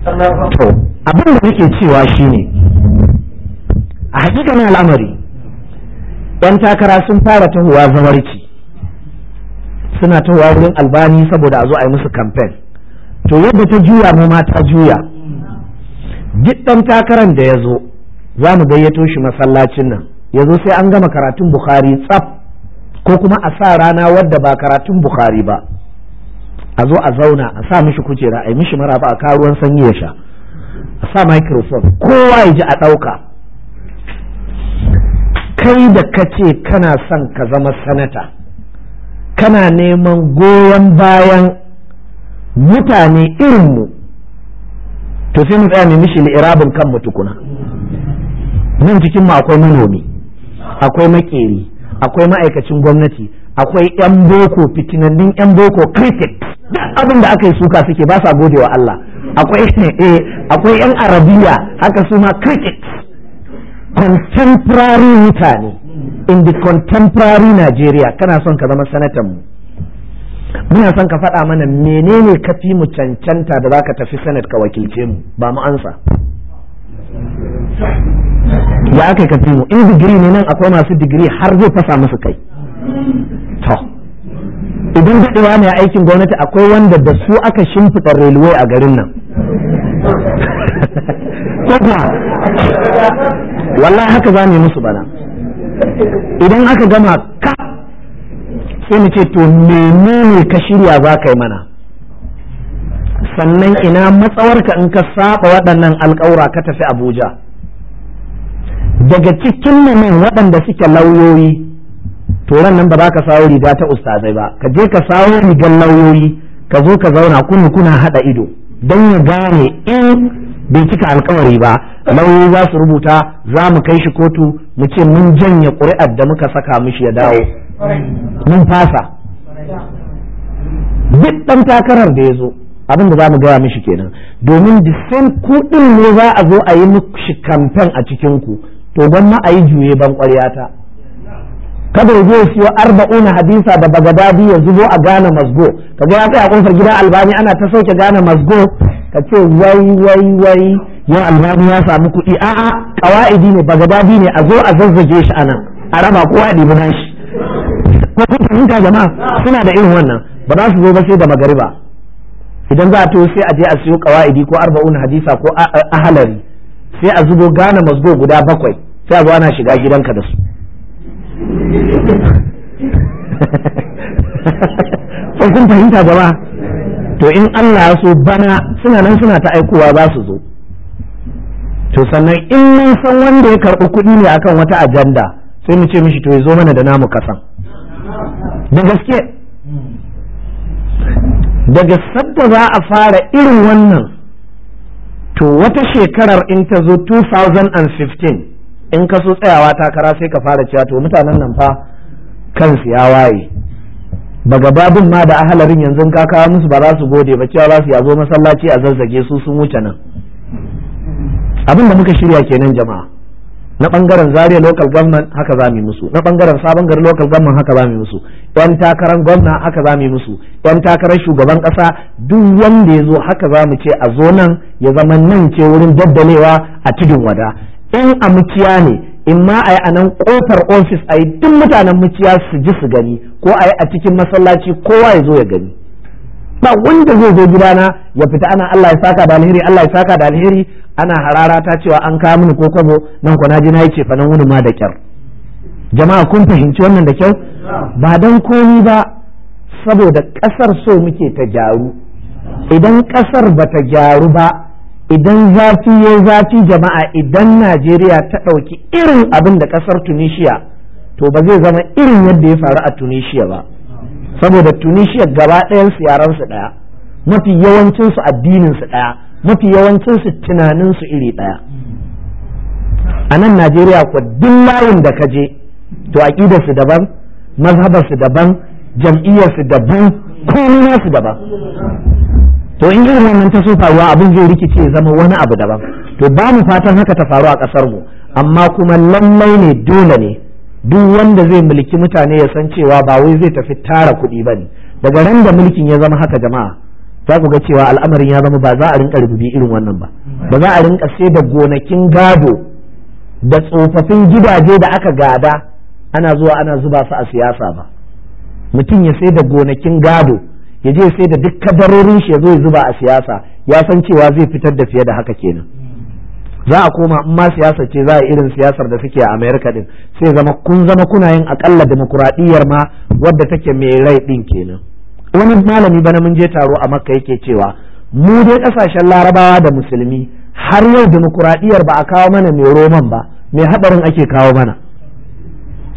to abin da nake cewa shine a hakikanin al'amari yan takara sun fara tahowa zamarci suna tahowa wurin albani saboda a zo a yi musu kamfen to yadda ta juya mu ma ta juya duk ɗan takarar da ya zo za mu gayyato shi masallacin nan ya zo sai an gama karatun bukhari tsaf ko kuma a sa rana wadda ba karatun bukhari ba a zo a zauna a sa mishi kujera a yi mishi maraba a karuwan sanyi ya sha a sa microphone kowa ya ji a ɗauka kai da ka ce kana son ka zama sanata kana neman goyon bayan mutane irinmu to sai mu tsaya mu mishi li'irabin kan tukuna nan cikin mu akwai manomi akwai makeri akwai ma'aikacin gwamnati akwai yan boko fitinannin yan boko cricket abin da aka yi suka suke ba sa gode wa Allah akwai <laughs> eh akwai yan arabiya haka su ma cricket contemporary mutane in the contemporary Nigeria kana son ka zama sanatan mu muna son ka faɗa mana menene ka fi mu cancanta da za ka tafi sanat ka wakilce mu ba mu ansa ya aka ka fimu in digiri ne nan akwai masu digiri har zai fasa musu kai to idan daɗewa ne aikin gwamnati akwai wanda da su aka shimfiɗa railway a garin nan <laughs> wallahi haka za mu musu bana idan aka gama ka sai mu ce to menene ka shirya za ka yi mana sannan ina matsawarka in ka saba waɗannan alƙawura ka tafi abuja daga cikin nan waɗanda suke lauyoyi to ran nan ba ka sawo riga ta ustazai ba ka je ka sawo rigar lauyoyi ka zo ka zauna kuna kuna haɗa ido don ya gane in bai cika alkawari ba lauyoyi za su rubuta za mu kai shi kotu mu ce mun janye ƙuri'ar da muka saka mishi ya dawo mun fasa duk ɗan takarar da ya zo abin da za mu gaya mishi kenan domin da same kuɗin ne za a zo a yi mishi kamfen a cikin ku to ma a yi juye ban ƙwaryata kada ya zo siyo arba'una hadisa da bagadadi ya zubo a gane masgo ka ga ya tsaya kofar gidan albani ana ta sauke gane masgo ka ce wai wai wai yin albani ya samu kuɗi a'a kawaidi ne bagadadi ne a zo a zazzage shi anan a raba kowa ɗibi nashi ko kun fahimta jama'a suna da irin wannan ba za su zo ba sai da magariba idan za a to sai a je a siyo kawaidi ko arba'una hadisa ko a ahalari sai a zubo gane mazgo guda bakwai sai a zo ana shiga gidanka da su sai <laughs> kun fahimta gaba to in Allah ya so bana suna nan suna ta aikowa za su zo to sannan in mun san wanda ya karɓi kuɗi ne akan wata ajanda sai mu ce mishi to ya zo mana da namu kasan da gaske daga sadda za a fara irin wannan to wata shekarar in ta zo 2015 in ka so tsayawa takara sai ka fara cewa to mutanen nan fa kansu ya waye baga babin ma da ahalarin yanzu ka kawo musu ba za su gode ba cewa za su yazo masallaci a zazzage su sun wuce nan abin da muka shirya kenan jama'a na bangaren zaria local government haka za mu musu na bangaren sabon gari local government haka za mu musu yan takarar gwamna haka za mu musu yan takarar shugaban kasa duk wanda ya zo haka za mu ce a zo nan ya zama nan ce wurin daddalewa a tudun wada in a muciya ne in ma a yi a nan kofar ofis a yi duk mutanen muciya su ji su gani ko a yi a cikin masallaci kowa ya zo ya gani ba wanda zai zo gidana ya fita ana Allah ya saka da alheri Allah ya saka da alheri ana harara ta cewa an kawo mini ko kwabo nan ko na ji na yi cefa nan wuni ma da kyar jama'a kun fahimci wannan da kyau ba don komi ba saboda ƙasar so muke ta gyaru idan ƙasar ba ta gyaru ba idan zafi ya zafi jama'a idan najeriya ta ɗauki irin abin da ƙasar tunisia to ba zai zama irin yadda ya faru a tunisia ba saboda tunisia gaba ɗayan su ɗaya mafi yawancinsu su ɗaya mafi yawancinsu tunaninsu iri ɗaya a nan najeriya ko duk layin da ka je to aƙidarsu daban mazhabarsu daban jam'iyyarsu daban kuma su daban to in irin wannan ta so faruwa abin zai rikice ya zama wani abu daban to ba mu fatan haka ta faru a ƙasar mu amma kuma lallai ne dole ne duk wanda zai mulki mutane ya san cewa ba wai zai tafi tara kuɗi ba ne daga ran da mulkin ya zama haka jama'a za ku ga cewa al'amarin ya zama ba za a rinka rububi irin wannan ba ba za a rinka sai da gonakin gado da tsofaffin gidaje da aka gada ana zuwa ana zuba su a siyasa ba mutum ya sai da gonakin gado ya je sai da duk kadarorin shi ya zo ya zuba a siyasa ya san cewa zai fitar da fiye da haka kenan za a koma in ma siyasa ce za a irin siyasar da suke a america din sai zama kun zama kuna yin akalla dimokuraɗiyyar ma wadda take mai rai din kenan wani malami bana mun je taro a makka yake cewa mu dai kasashen larabawa da musulmi har yau demokuraɗiyar ba a kawo mana mai roman ba mai haɗarin ake kawo mana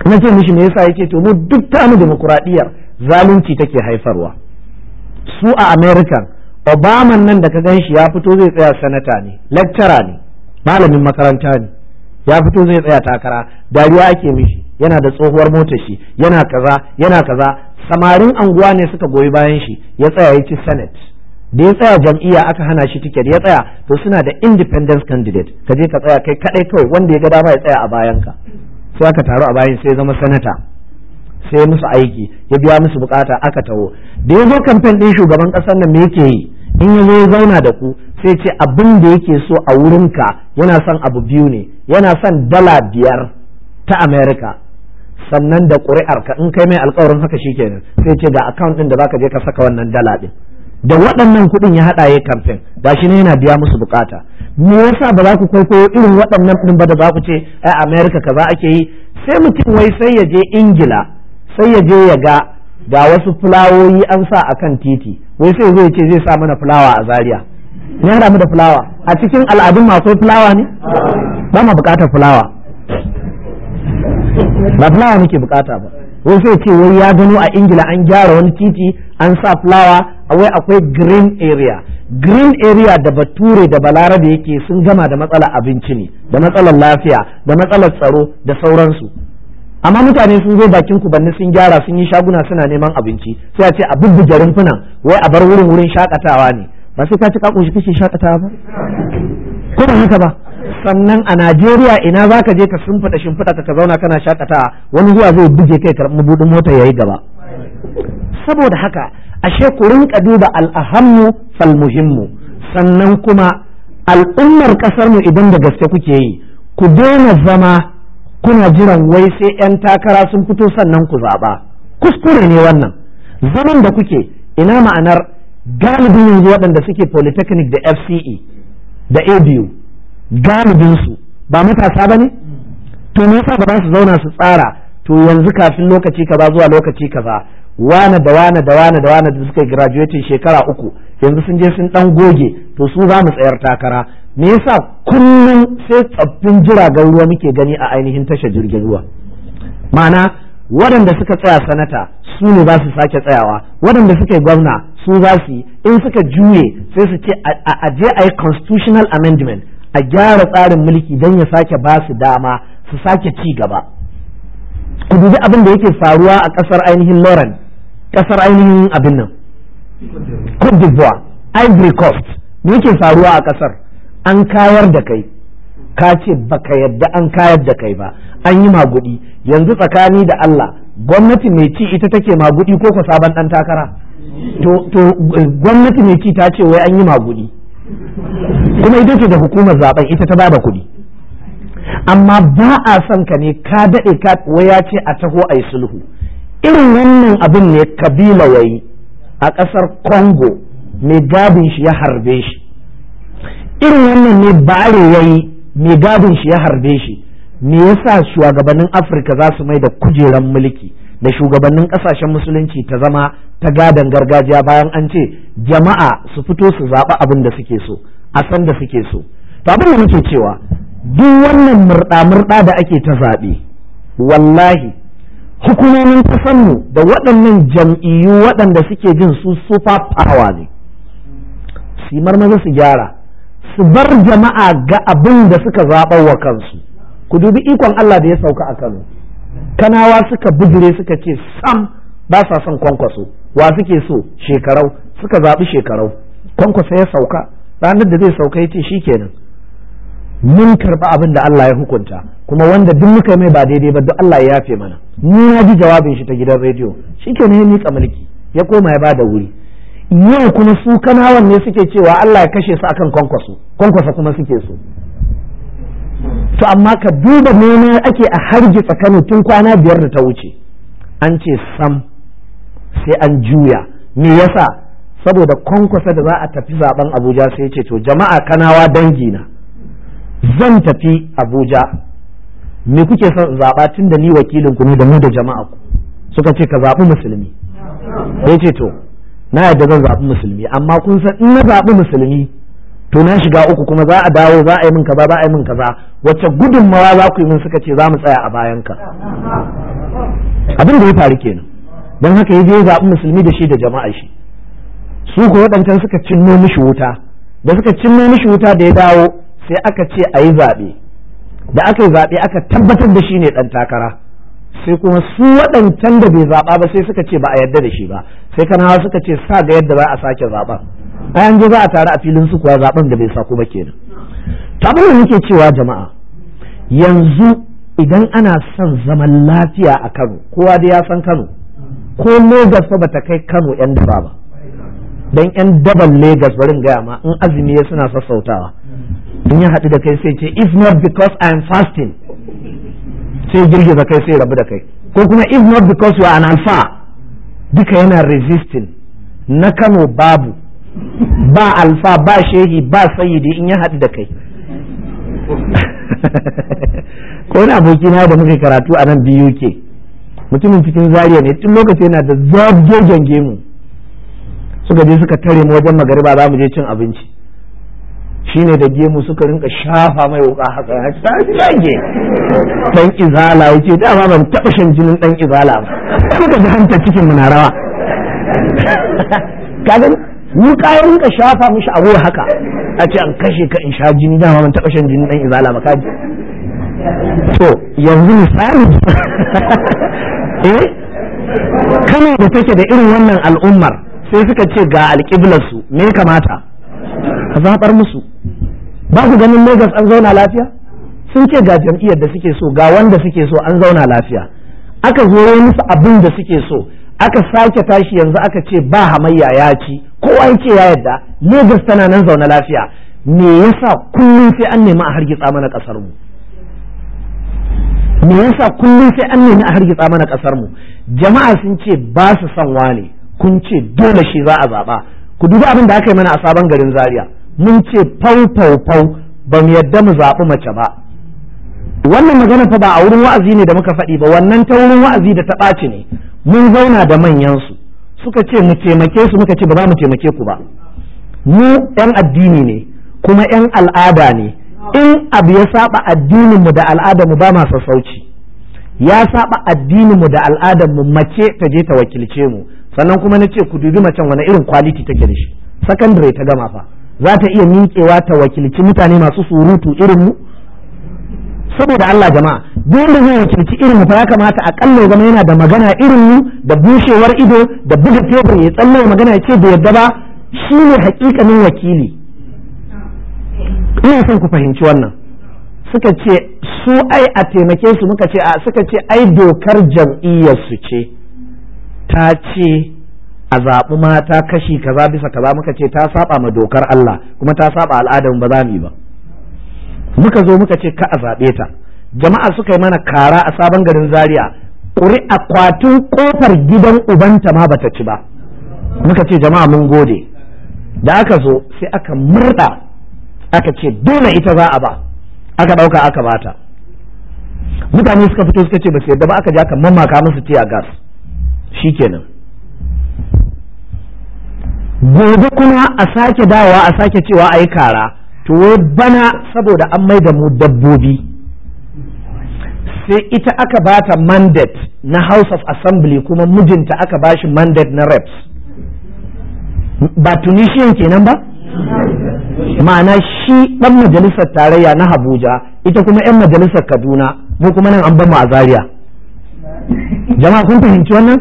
na ce mishi me yasa yake to mu duk ta mu demokuraɗiyar zalunci take haifarwa su a american obama nan da ka ganshi ya fito zai tsaya sanata ne lecturer ne malamin makaranta ne ya fito zai tsaya takara dariya ake mishi yana da tsohuwar motar shi yana kaza yana kaza samarin anguwa ne suka goyi bayan shi ya tsaya ya ci senate da ya tsaya jam'iyya aka hana shi tiket ya tsaya to suna da independence candidate ka je ka tsaya kai kadai kawai wanda ya ga dama ya tsaya a bayan ka sai aka taru a bayan sai zama senator sai musu aiki ya biya musu bukata aka taho da ya zo kamfen din shugaban kasar nan me yake yi in ya zo ya zauna da ku sai ce abin da yake so a wurinka yana son abu biyu ne yana son dala biyar ta america sannan da ka in kai mai alƙawarin haka shi kenan sai ce ga account ɗin da ka je ka saka wannan dala ɗin da waɗannan kuɗin ya haɗa ya kamfen ba shi ne yana biya musu bukata me yasa ba za ku kwaikwayo irin waɗannan ɗin ba da za ku ce ai america kaza ake yi sai mutum wai sai ya je ingila sai ya je ya ga ga wasu fulawoyi an sa akan titi wai sai zai ce zai sa mana fulawa a zaria ne haɗa mu da fulawa a cikin al'adun masu fulawa ne ba ma bukatar fulawa ba fulawa muke bukata ba wai sai ce wai ya gano a ingila an gyara wani titi an sa fulawa wai akwai green area green area da bature da balarabe yake sun gama da matsalar abinci ne da matsalar lafiya da matsalar tsaro da sauransu amma mutane sun zo bakin banni sun gyara sun yi shaguna suna neman abinci sai a ce a bubbuge rumfunan wai a bar wurin wurin shakatawa ne ba sai ka ci kakon shi kake shakatawa ba ko ba haka ba sannan a Najeriya ina za ka je ka sunfata shimfiɗa ka zauna kana shakatawa wani zuwa zai buge kai karɓi mabuɗin mota yayi gaba saboda haka ashe ku rinka duba al'ahammu fal muhimmu sannan kuma al'ummar ƙasar mu idan da gaske kuke yi ku daina zama kuna jiran wai sai 'yan takara sun fito sannan ku zaɓa kuskure ne wannan zaman da kuke ina ma'anar galibin yanzu waɗanda suke polytechnic da fce da abu su ba matasa ba ne to me yasa ba za su zauna su tsara to yanzu kafin lokaci kaza zuwa lokaci kaza wane da wane da wane da wane da suka graduating shekara uku yanzu sun je sun dan goge to su za mu tsayar takara me yasa kullum sai tsaffin jiragen ruwa muke gani a ainihin tashar jirgin ruwa ma'ana waɗanda suka tsaya sanata su ne za su sake tsayawa waɗanda suka yi gwamna su za su yi in suka juye sai su ce a je a yi constitutional amendment a gyara tsarin mulki don ya sake ba su dama su sake ci gaba ku dubi abin da yake faruwa a kasar ainihin lauren kasar ainihin abin nan cote d'ivoire ivory coast me yake faruwa a kasar an kayar da kai ka ce baka yadda an kayar da kai ba an yi magudi yanzu tsakani da allah gwamnati mai ci ita take magudi ko ku sabon ɗan takara to gwamnati mai ci ta ce wai an yi maguɗi. kuma idan ce da hukumar zaben ita ta bada kuɗi amma ba a son ka ne ka daɗe ka waya ce a taho a yi sulhu irin wannan abin ne kabila wayi a ƙasar congo mai gadin shi ya harbe shi irin wannan ne bare yayi mai gabin shi ya harbe shi me yasa shugabannin afirka za su mai da kujeran mulki da shugabannin kasashen musulunci ta zama ta gadon gargajiya bayan an ce jama'a su fito su zaɓa abin da suke so a san da suke so to abin da muke cewa duk wannan murɗa-murɗa da ake ta zaɓe wallahi hukumomin kasanmu da waɗannan jam'iyyu waɗanda suke jin su super power ne su marmaza su gyara su bar jama'a ga abin da suka zaɓa wa kansu ku dubi ikon Allah da ya sauka a Kano kanawa suka bijire suka ce sam ba sa son kwankwaso wa suke so shekarau suka zaɓi shekarau kwankwaso ya sauka ranar da zai sauka ya ce shi kenan mun karɓi abin da Allah ya hukunta kuma wanda duk muka mai ba daidai ba duk Allah ya yafe mana ni na ji jawabin shi ta gidan rediyo shi kenan ya miƙa mulki ya koma ya bada wuri yau kuma su kanawan ne suke cewa Allah ya kashe su akan kwankwaso kwankwaso kuma suke so to amma ka duba mene ake a harji tsakanin tun kwana biyar da ta wuce an ce sam sai an juya me yasa saboda kwankwasa da za a tafi zaben abuja sai ce to jama'a kanawa dangi na zan tafi abuja me kuke son zaba tun da ni wakilin ku ne da mu da jama'a ku suka ce ka zaɓi musulmi sai ce to na yadda zan zaɓi musulmi amma kun san in na zaɓi musulmi to na shiga uku kuma za a dawo za a yi min kaza za a yi min kaza wacce gudunmawa za ku yi min suka ce za mu tsaya a bayan ka abin da ya faru kenan don haka ya je ya zaɓi musulmi da shi da jama'a shi su ko waɗancan suka cinno mishi wuta da suka cinno mishi wuta da ya dawo sai aka ce a yi zaɓe da aka yi zaɓe aka tabbatar da shi ne ɗan takara sai kuma su waɗancan da bai zaɓa ba sai suka ce ba a yarda da shi ba sai kanawa suka ce sa ga yadda za a sake zaɓa an je za a taru a filin su kuwa zaben da bai sa ba kenan ta da nake cewa jama'a yanzu idan ana son zaman lafiya a Kano kowa da ya san Kano ko Lagos fa bata kai Kano yan daba ba dan yan daban Lagos bari gaya ma in azumi ya suna sassautawa in ya haɗu da kai sai ce if not because I am fasting sai girgiza kai sai rabu da kai ko kuma if not because you are an alpha duka yana resisting na Kano babu ba alfa ba shehi ba sayyidi in ya haɗu da kai ko wani aboki na da muka karatu a nan biyu ke mutumin cikin zariya ne tun lokaci yana da zabgogen gemu suka je suka tare mu wajen magariba za mu je cin abinci shine da gemu suka rinka shafa mai wuka haka ya dan izala yace dama ban taba shan jinin dan izala ba suka ga hanta cikin munarawa. <laughs> wuka ya rinka shafa mishi a haka a ce an kashe ka in sha jini dama ban taɓa shan jini dan izala ba kaji to yanzu misali <laughs> eh kana da take da irin wannan al'ummar sai suka ce ga alƙiblar su me kamata ka zabar musu ba ku ganin Legas an zauna lafiya sun ce ga jam'iyyar da suke so ga wanda suke so an zauna lafiya aka zo musu abin da suke so aka sake tashi yanzu aka ce ba hamayya ya ci kowa ya ce ya yadda Lagos tana nan zaune lafiya me yasa kullum sai an nemi a hargitsa mana kasar mu me yasa kullum sai an nemi a hargitsa mana kasar mu jama'a sun ce ba su son wane kun ce dole shi za a zaba ku duba abin da aka yi mana a sabon garin Zaria mun ce fau fau fau ba mu yadda mu zaɓi mace ba wannan magana fa ba a wurin wa'azi ne da muka faɗi ba wannan ta wurin wa'azi da ta ɓaci ne mun zauna da manyansu suka ce mu taimake su muka ce ba za mu taimake ku ba mu yan addini ne kuma yan al'ada ne in abu ya saba addinin mu da al'adar mu ba ma sassauci ya saba addinin mu da al'adar mu mace ta je ta wakilce mu sannan kuma na ce ku dubi macen wani irin kwaliti take da shi secondary ta gama fa za ta iya miƙewa ta wakilci mutane masu surutu irin mu saboda Allah jama'a duk da zai wakilci irin mu ya kamata kallo zama yana da magana irin mu da bushewar ido da buga tebur ya tsalle magana ya ce da yadda ba shi hakikanin wakili ina son ku fahimci wannan suka ce su ai a taimake su muka ce a suka ce ai dokar jam'iyyar su ce ta ce a zaɓi mata kashi kaza bisa kaza muka ce ta saba ma dokar Allah kuma ta saba al'adar ba za mu yi ba muka zo muka ce ka a zaɓe ta jama'a suka yi mana kara a sabon garin zaria ƙuri akwatin ƙofar gidan ubanta ma bata ci ba muka ce jama'a mun gode da aka zo sai aka murda. aka ce dole ita za a ba aka ɗauka aka bata mutane suka fito suka ce ba su yadda ba aka ja aka mamaka musu tiya gas Shi shikenan gobe kuma a sake dawowa a sake cewa a yi kara to bana saboda an mai da mu dabbobi sai ita aka ba ta mandate na house of assembly kuma mijinta aka ba shi mandate na reps ba tunisian kenan ba ma'ana shi ɗan majalisar tarayya na Habuja ita kuma 'yan majalisar Kaduna mu kuma nan an ba mu a Zariya. jama'a kun fahimci wannan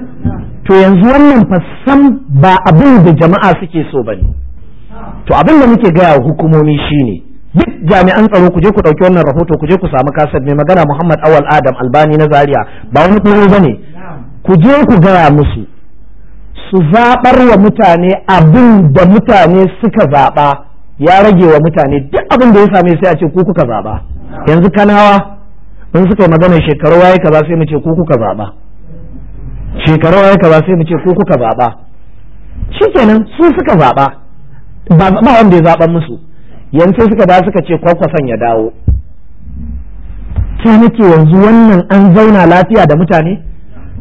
to yanzu wannan fa sam ba abin da jama'a suke so bane to abin da muke gaya hukumomi shine duk jami'an tsaro ku je ku ɗauki wannan rahoto ku je ku samu kasar mai magana Muhammad Awal Adam Albani na Zaria ba wani kuma bane ku je ku gaya musu su zabar wa mutane abin da mutane suka zaba ya rage wa mutane duk abin da ya same sai a ce ku kuka zaɓa yanzu kanawa mun suka yi magana shekaru waye kaza sai mu ce ku kuka zaɓa shekaru waye kaza sai mu ce ku kuka zaɓa shikenan su suka zaɓa ba ba wanda ya zaɓa musu yanzu suka da suka ce kwankwason ya dawo ke nake yanzu wannan an zauna lafiya da mutane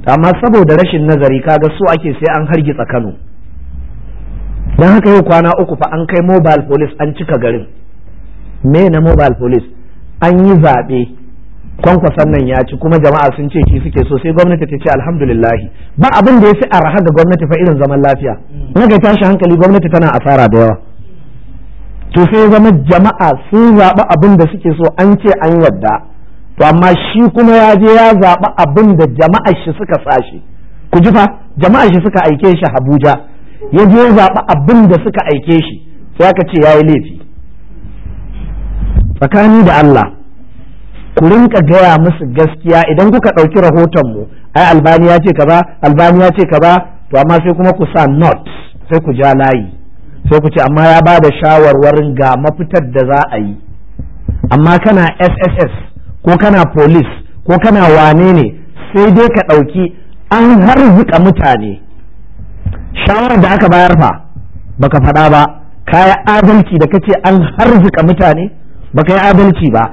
amma saboda rashin nazari kaga so ake sai an hargitsa Kano don haka yau kwana uku fa an kai mobile police an cika garin me na mobile police an yi zaɓe kwankwason nan ya ci kuma jama'a sun ce shi suke so sai gwamnati ta ce alhamdulillah ba abin da ya fi arha ga gwamnati fa irin zaman lafiya na ga tashi hankali gwamnati tana asara da yawa to sai zama jama'a sun zaɓi abin da suke so an ce an yadda to amma shi kuma ya je ya zaɓi abin da jama'a shi suka sashi ku ji fa jama'a shi suka aike shi Abuja ya je ya zaɓi abin da suka aike shi sai aka ce yayi laifi tsakani da Allah ku rinka gaya musu gaskiya idan kuka ɗauki rahoton mu ai albani ya ce ka albani ya ce kaza to amma sai kuma ku sa not sai ku ja layi sai ku ce amma ya ba da shawarwarin ga mafitar da za a yi amma kana sss ko kana police ko kana wane ne sai dai ka ɗauki an har zuka mutane shawarar da aka bayar fa baka faɗa ba ka yi adalci da kace an har harzuka mutane baka yi adalci ba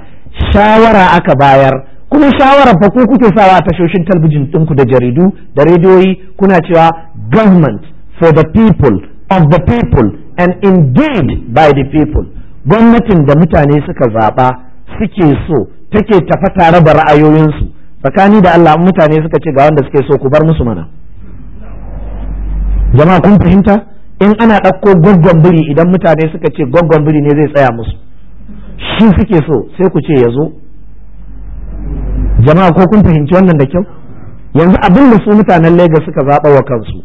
shawara aka bayar kuma shawarar fa ku kuke sawa tashoshin talbijin ɗinku da jaridu da rediyoyi kuna cewa government for the people of the people and indeed by the people gwamnatin da mutane suka zaɓa suke so take tafa tare da ra'ayoyinsu tsakani da Allah mutane suka ce ga wanda suke so ku bar musu mana jama'a kun fahimta in ana ɗauko gwaggon biri idan mutane suka ce gwaggon biri ne zai tsaya musu shi suke so sai ku ce ya zo jama'a ko kun fahimci wannan da kyau yanzu abin da su mutanen Legas suka zaɓa wa kansu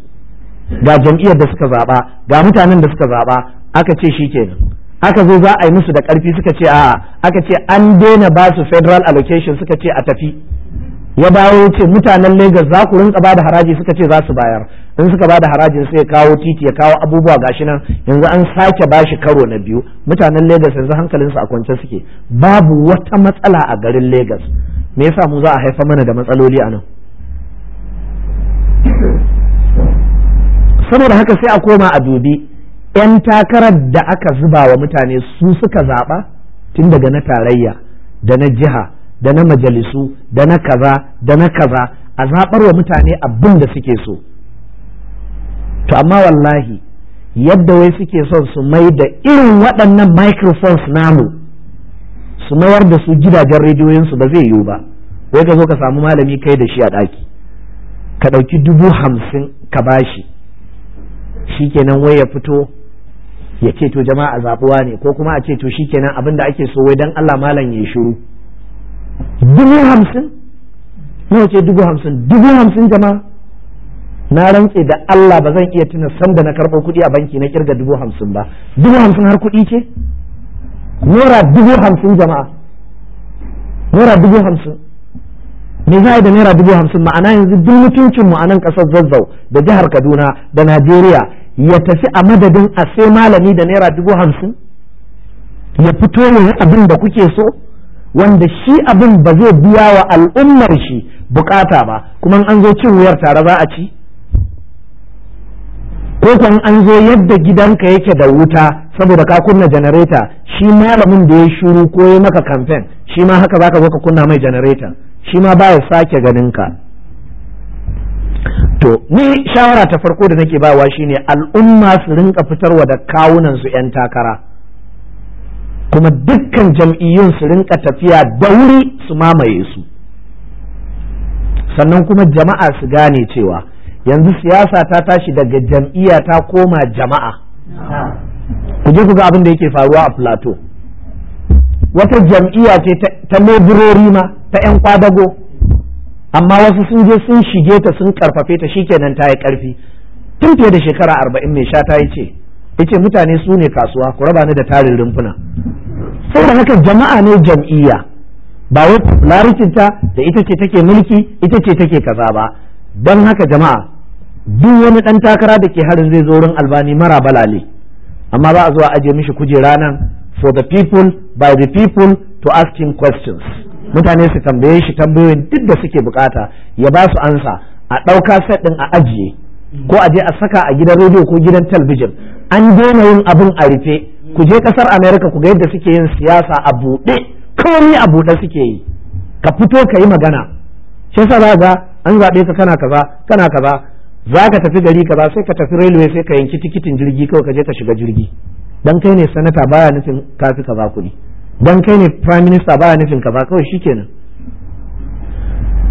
ga jam'iyyar da suka zaɓa ga mutanen da suka zaɓa aka ce shi kenan aka zo za a yi musu da ƙarfi suka ce a'a aka ce an daina ba su federal allocation suka ce a tafi ya bayo ce mutanen Legas za ku rinka ba da haraji suka ce za su bayar in suka bada harajin sai kawo titi ya kawo abubuwa gashi nan yanzu an sake bashi karo na biyu mutanen Legas yanzu hankalinsu a kwance suke babu wata matsala a garin Legas me yasa mu za a haifa mana da matsaloli a nan saboda haka sai a koma a dubi 'yan takarar da aka zuba wa mutane su suka zaɓa tun daga na tarayya da na jiha da na majalisu da na kaza da na kaza a zaɓar wa mutane abin da suke so to amma wallahi yadda wai suke son su mai da irin waɗannan microphones namu su mayar da su gidajen rediyoyinsu ba zai yiwu ba wai ka zo ka samu malami kai da shi a ɗaki ka ɗauki dubu hamsin ka bashi shikenan wai ya fito ya ce to jama'a zaɓuwa ne ko kuma a ce to shikenan abin da ake so wai dan Allah malam ya shiru dubu hamsin nawa ce dubu hamsin dubu hamsin jama'a na rantse da Allah ba zan iya tuna sanda na karɓo kuɗi a banki na kirga dubu hamsin ba dubu hamsin har kuɗi ce naira dubu hamsin jama'a naira dubu hamsin me za da naira dubu hamsin ma'ana yanzu duk mutuncin mu a nan ƙasar zazzau da jihar kaduna da najeriya ya tafi a madadin a sai malami da naira dubu hamsin ya fito ya abin da kuke so wanda shi abin ba zai biya wa al'ummar shi bukata ba kuma an zo cin wuyar tare za a ci ko kan an zo yadda gidanka yake da wuta saboda ka kunna janareta shi malamin da ya shuru ko ya maka kamfen shi ma haka zaka zo ka kunna mai janareta shi ma baya sake ganin ka to ni shawara ta farko da nake bawa shine al'umma su rinka fitarwa da kawunan su yan takara kuma dukkan jam'iyyun su rinka tafiya da wuri su mamaye su sannan kuma jama'a su gane cewa yanzu siyasa ta tashi daga jam'iyya ta koma jama'a ku je ku ga abin da yake faruwa a plateau wata jam'iyya ce ta leburori ma ta 'yan kwadago amma wasu sun je sun shige ta sun karfafe ta shikenan ta yi karfi tun fiye da shekara arba'in mai sha ta yi ce yace mutane su ne kasuwa ku raba ni da tarin rumfuna sai da haka jama'a ne jam'iyya ba wai ta da ita ce take mulki ita ce take kaza ba don haka jama'a duk wani ɗan takara da ke harin zai zo wurin albani mara balale amma za a zo a aje mishi kujera nan for the people by the people to ask him questions mutane su tambaye shi tambayoyin duk da suke bukata ya ba su ansa a ɗauka set ɗin a ajiye ko a je a saka a gidan rediyo ko gidan talbijin an daina yin abin a rufe ku je ƙasar america ku ga yadda suke yin siyasa a buɗe komai a buɗe suke yi ka fito ka yi magana shi yasa za ga an zaɓe ka kana kaza kana kaza za ka tafi gari kaza sai ka tafi railway sai ka yanki tikitin jirgi kawai ka je ka shiga jirgi dan kai ne sanata baya nufin kafi kaza kuɗi dan kai ne prime minister baya nufin kaza kawai shikenan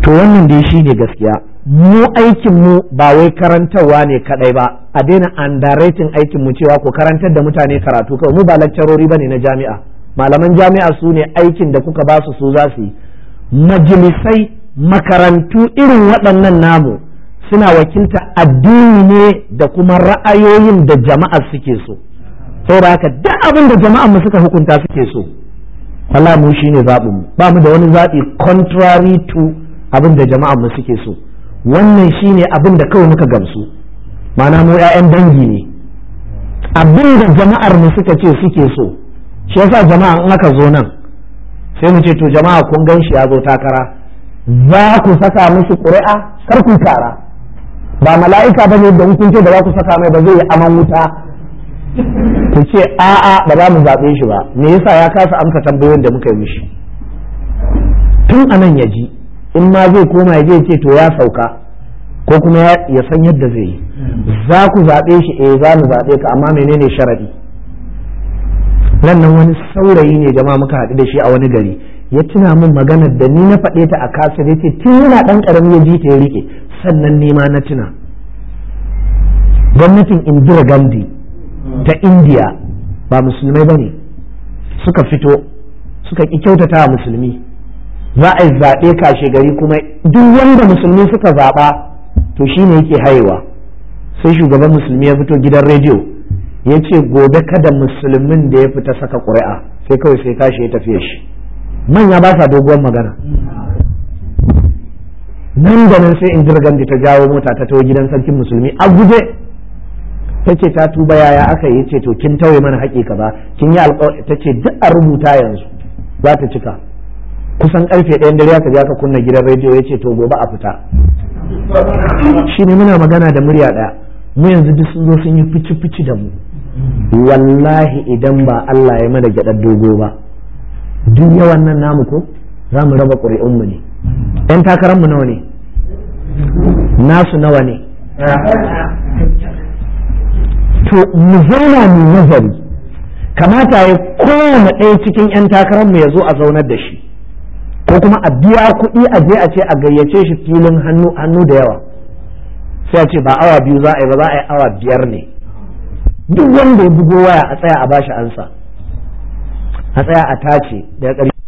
to wannan dai shine gaskiya mu aikin mu ba wai karantarwa ne kadai ba a daina underrating aikin mu cewa ko karantar da mutane karatu kawai mu ba laccarori bane na jami'a malaman jami'a su ne aikin da kuka ba su su za yi majalisai makarantu irin waɗannan namu suna wakilta addini ne da kuma ra'ayoyin da jama'a suke so saboda haka duk abin da jama'an mu suka hukunta suke so wala mu shine zaɓin mu ba mu da wani zaɓi contrary to abin da jama'an mu suke so wannan shine abin da kawai muka gamsu ma'ana mu 'ya'yan dangi ne abin da jama'ar mu suka ce suke so shi yasa jama'a in aka zo nan sai mu ce to jama'a kun gan shi ya zo takara za ku saka mishi ƙuri'a kar ku kara ba mala'ika ba ne da hukun ce da za ku saka mai ba zai yi aman wuta ku ce a'a ba za mu zaɓe shi ba me yasa ya kasa amsa tambayoyin da muka yi mishi tun anan ya ji in ma zai koma ya je ce to ya sauka ko kuma ya san yadda zai yi za ku zaɓe shi eh za mu zaɓe ka amma menene sharadi nan nan wani saurayi ne jama'a muka haɗu da shi a wani gari ya tuna min maganar da ni na faɗe ta a kasa ya ce tun yana ɗan ƙarami ya ji ta ya riƙe sannan nema na tuna gwamnatin indira gandhi ta indiya ba musulmai ba ne suka fito suka ƙi kyautata wa musulmi za a yi zaɓe kashe gari kuma duk wanda musulmi suka zaɓa to shi ne yake haihuwa sai shugaban musulmi ya fito gidan rediyo ya ce gobe kada musulmin da ya fita saka ƙuri'a sai kawai sai kashe ya tafiya shi manya ba sa doguwar magana nan da nan sai in jirgan da ta jawo mota ta tawo gidan sarkin musulmi a guje ta ce ta tuba yaya aka yi ce to kin tauye mana haƙi kaza kin yi alƙawari ta ce duk a rubuta yanzu za ta cika kusan karfe ɗayan dare aka ka aka kunna gidan rediyo ya ce to gobe a fita shi ne muna magana da murya ɗaya mu yanzu duk sun zo sun yi fici fici da mu wallahi idan ba Allah ya mana gyaɗar dogo ba duk yawan nan namu ko za mu raba ƙuri'unmu ne yan takararmu nawa ne nasu nawa ne to mu zauna mu nazari kamata ya kowane ɗaya cikin yan takararmu ya zo a zaunar da shi ko kuma a biya kuɗi a je a ce a gayyace shi filin hannu da yawa sai a ce ba awa biyu za a yi ba za a yi awa biyar ne duk wanda ya bugo waya a tsaya a bashi ansa a tsaya a tace daga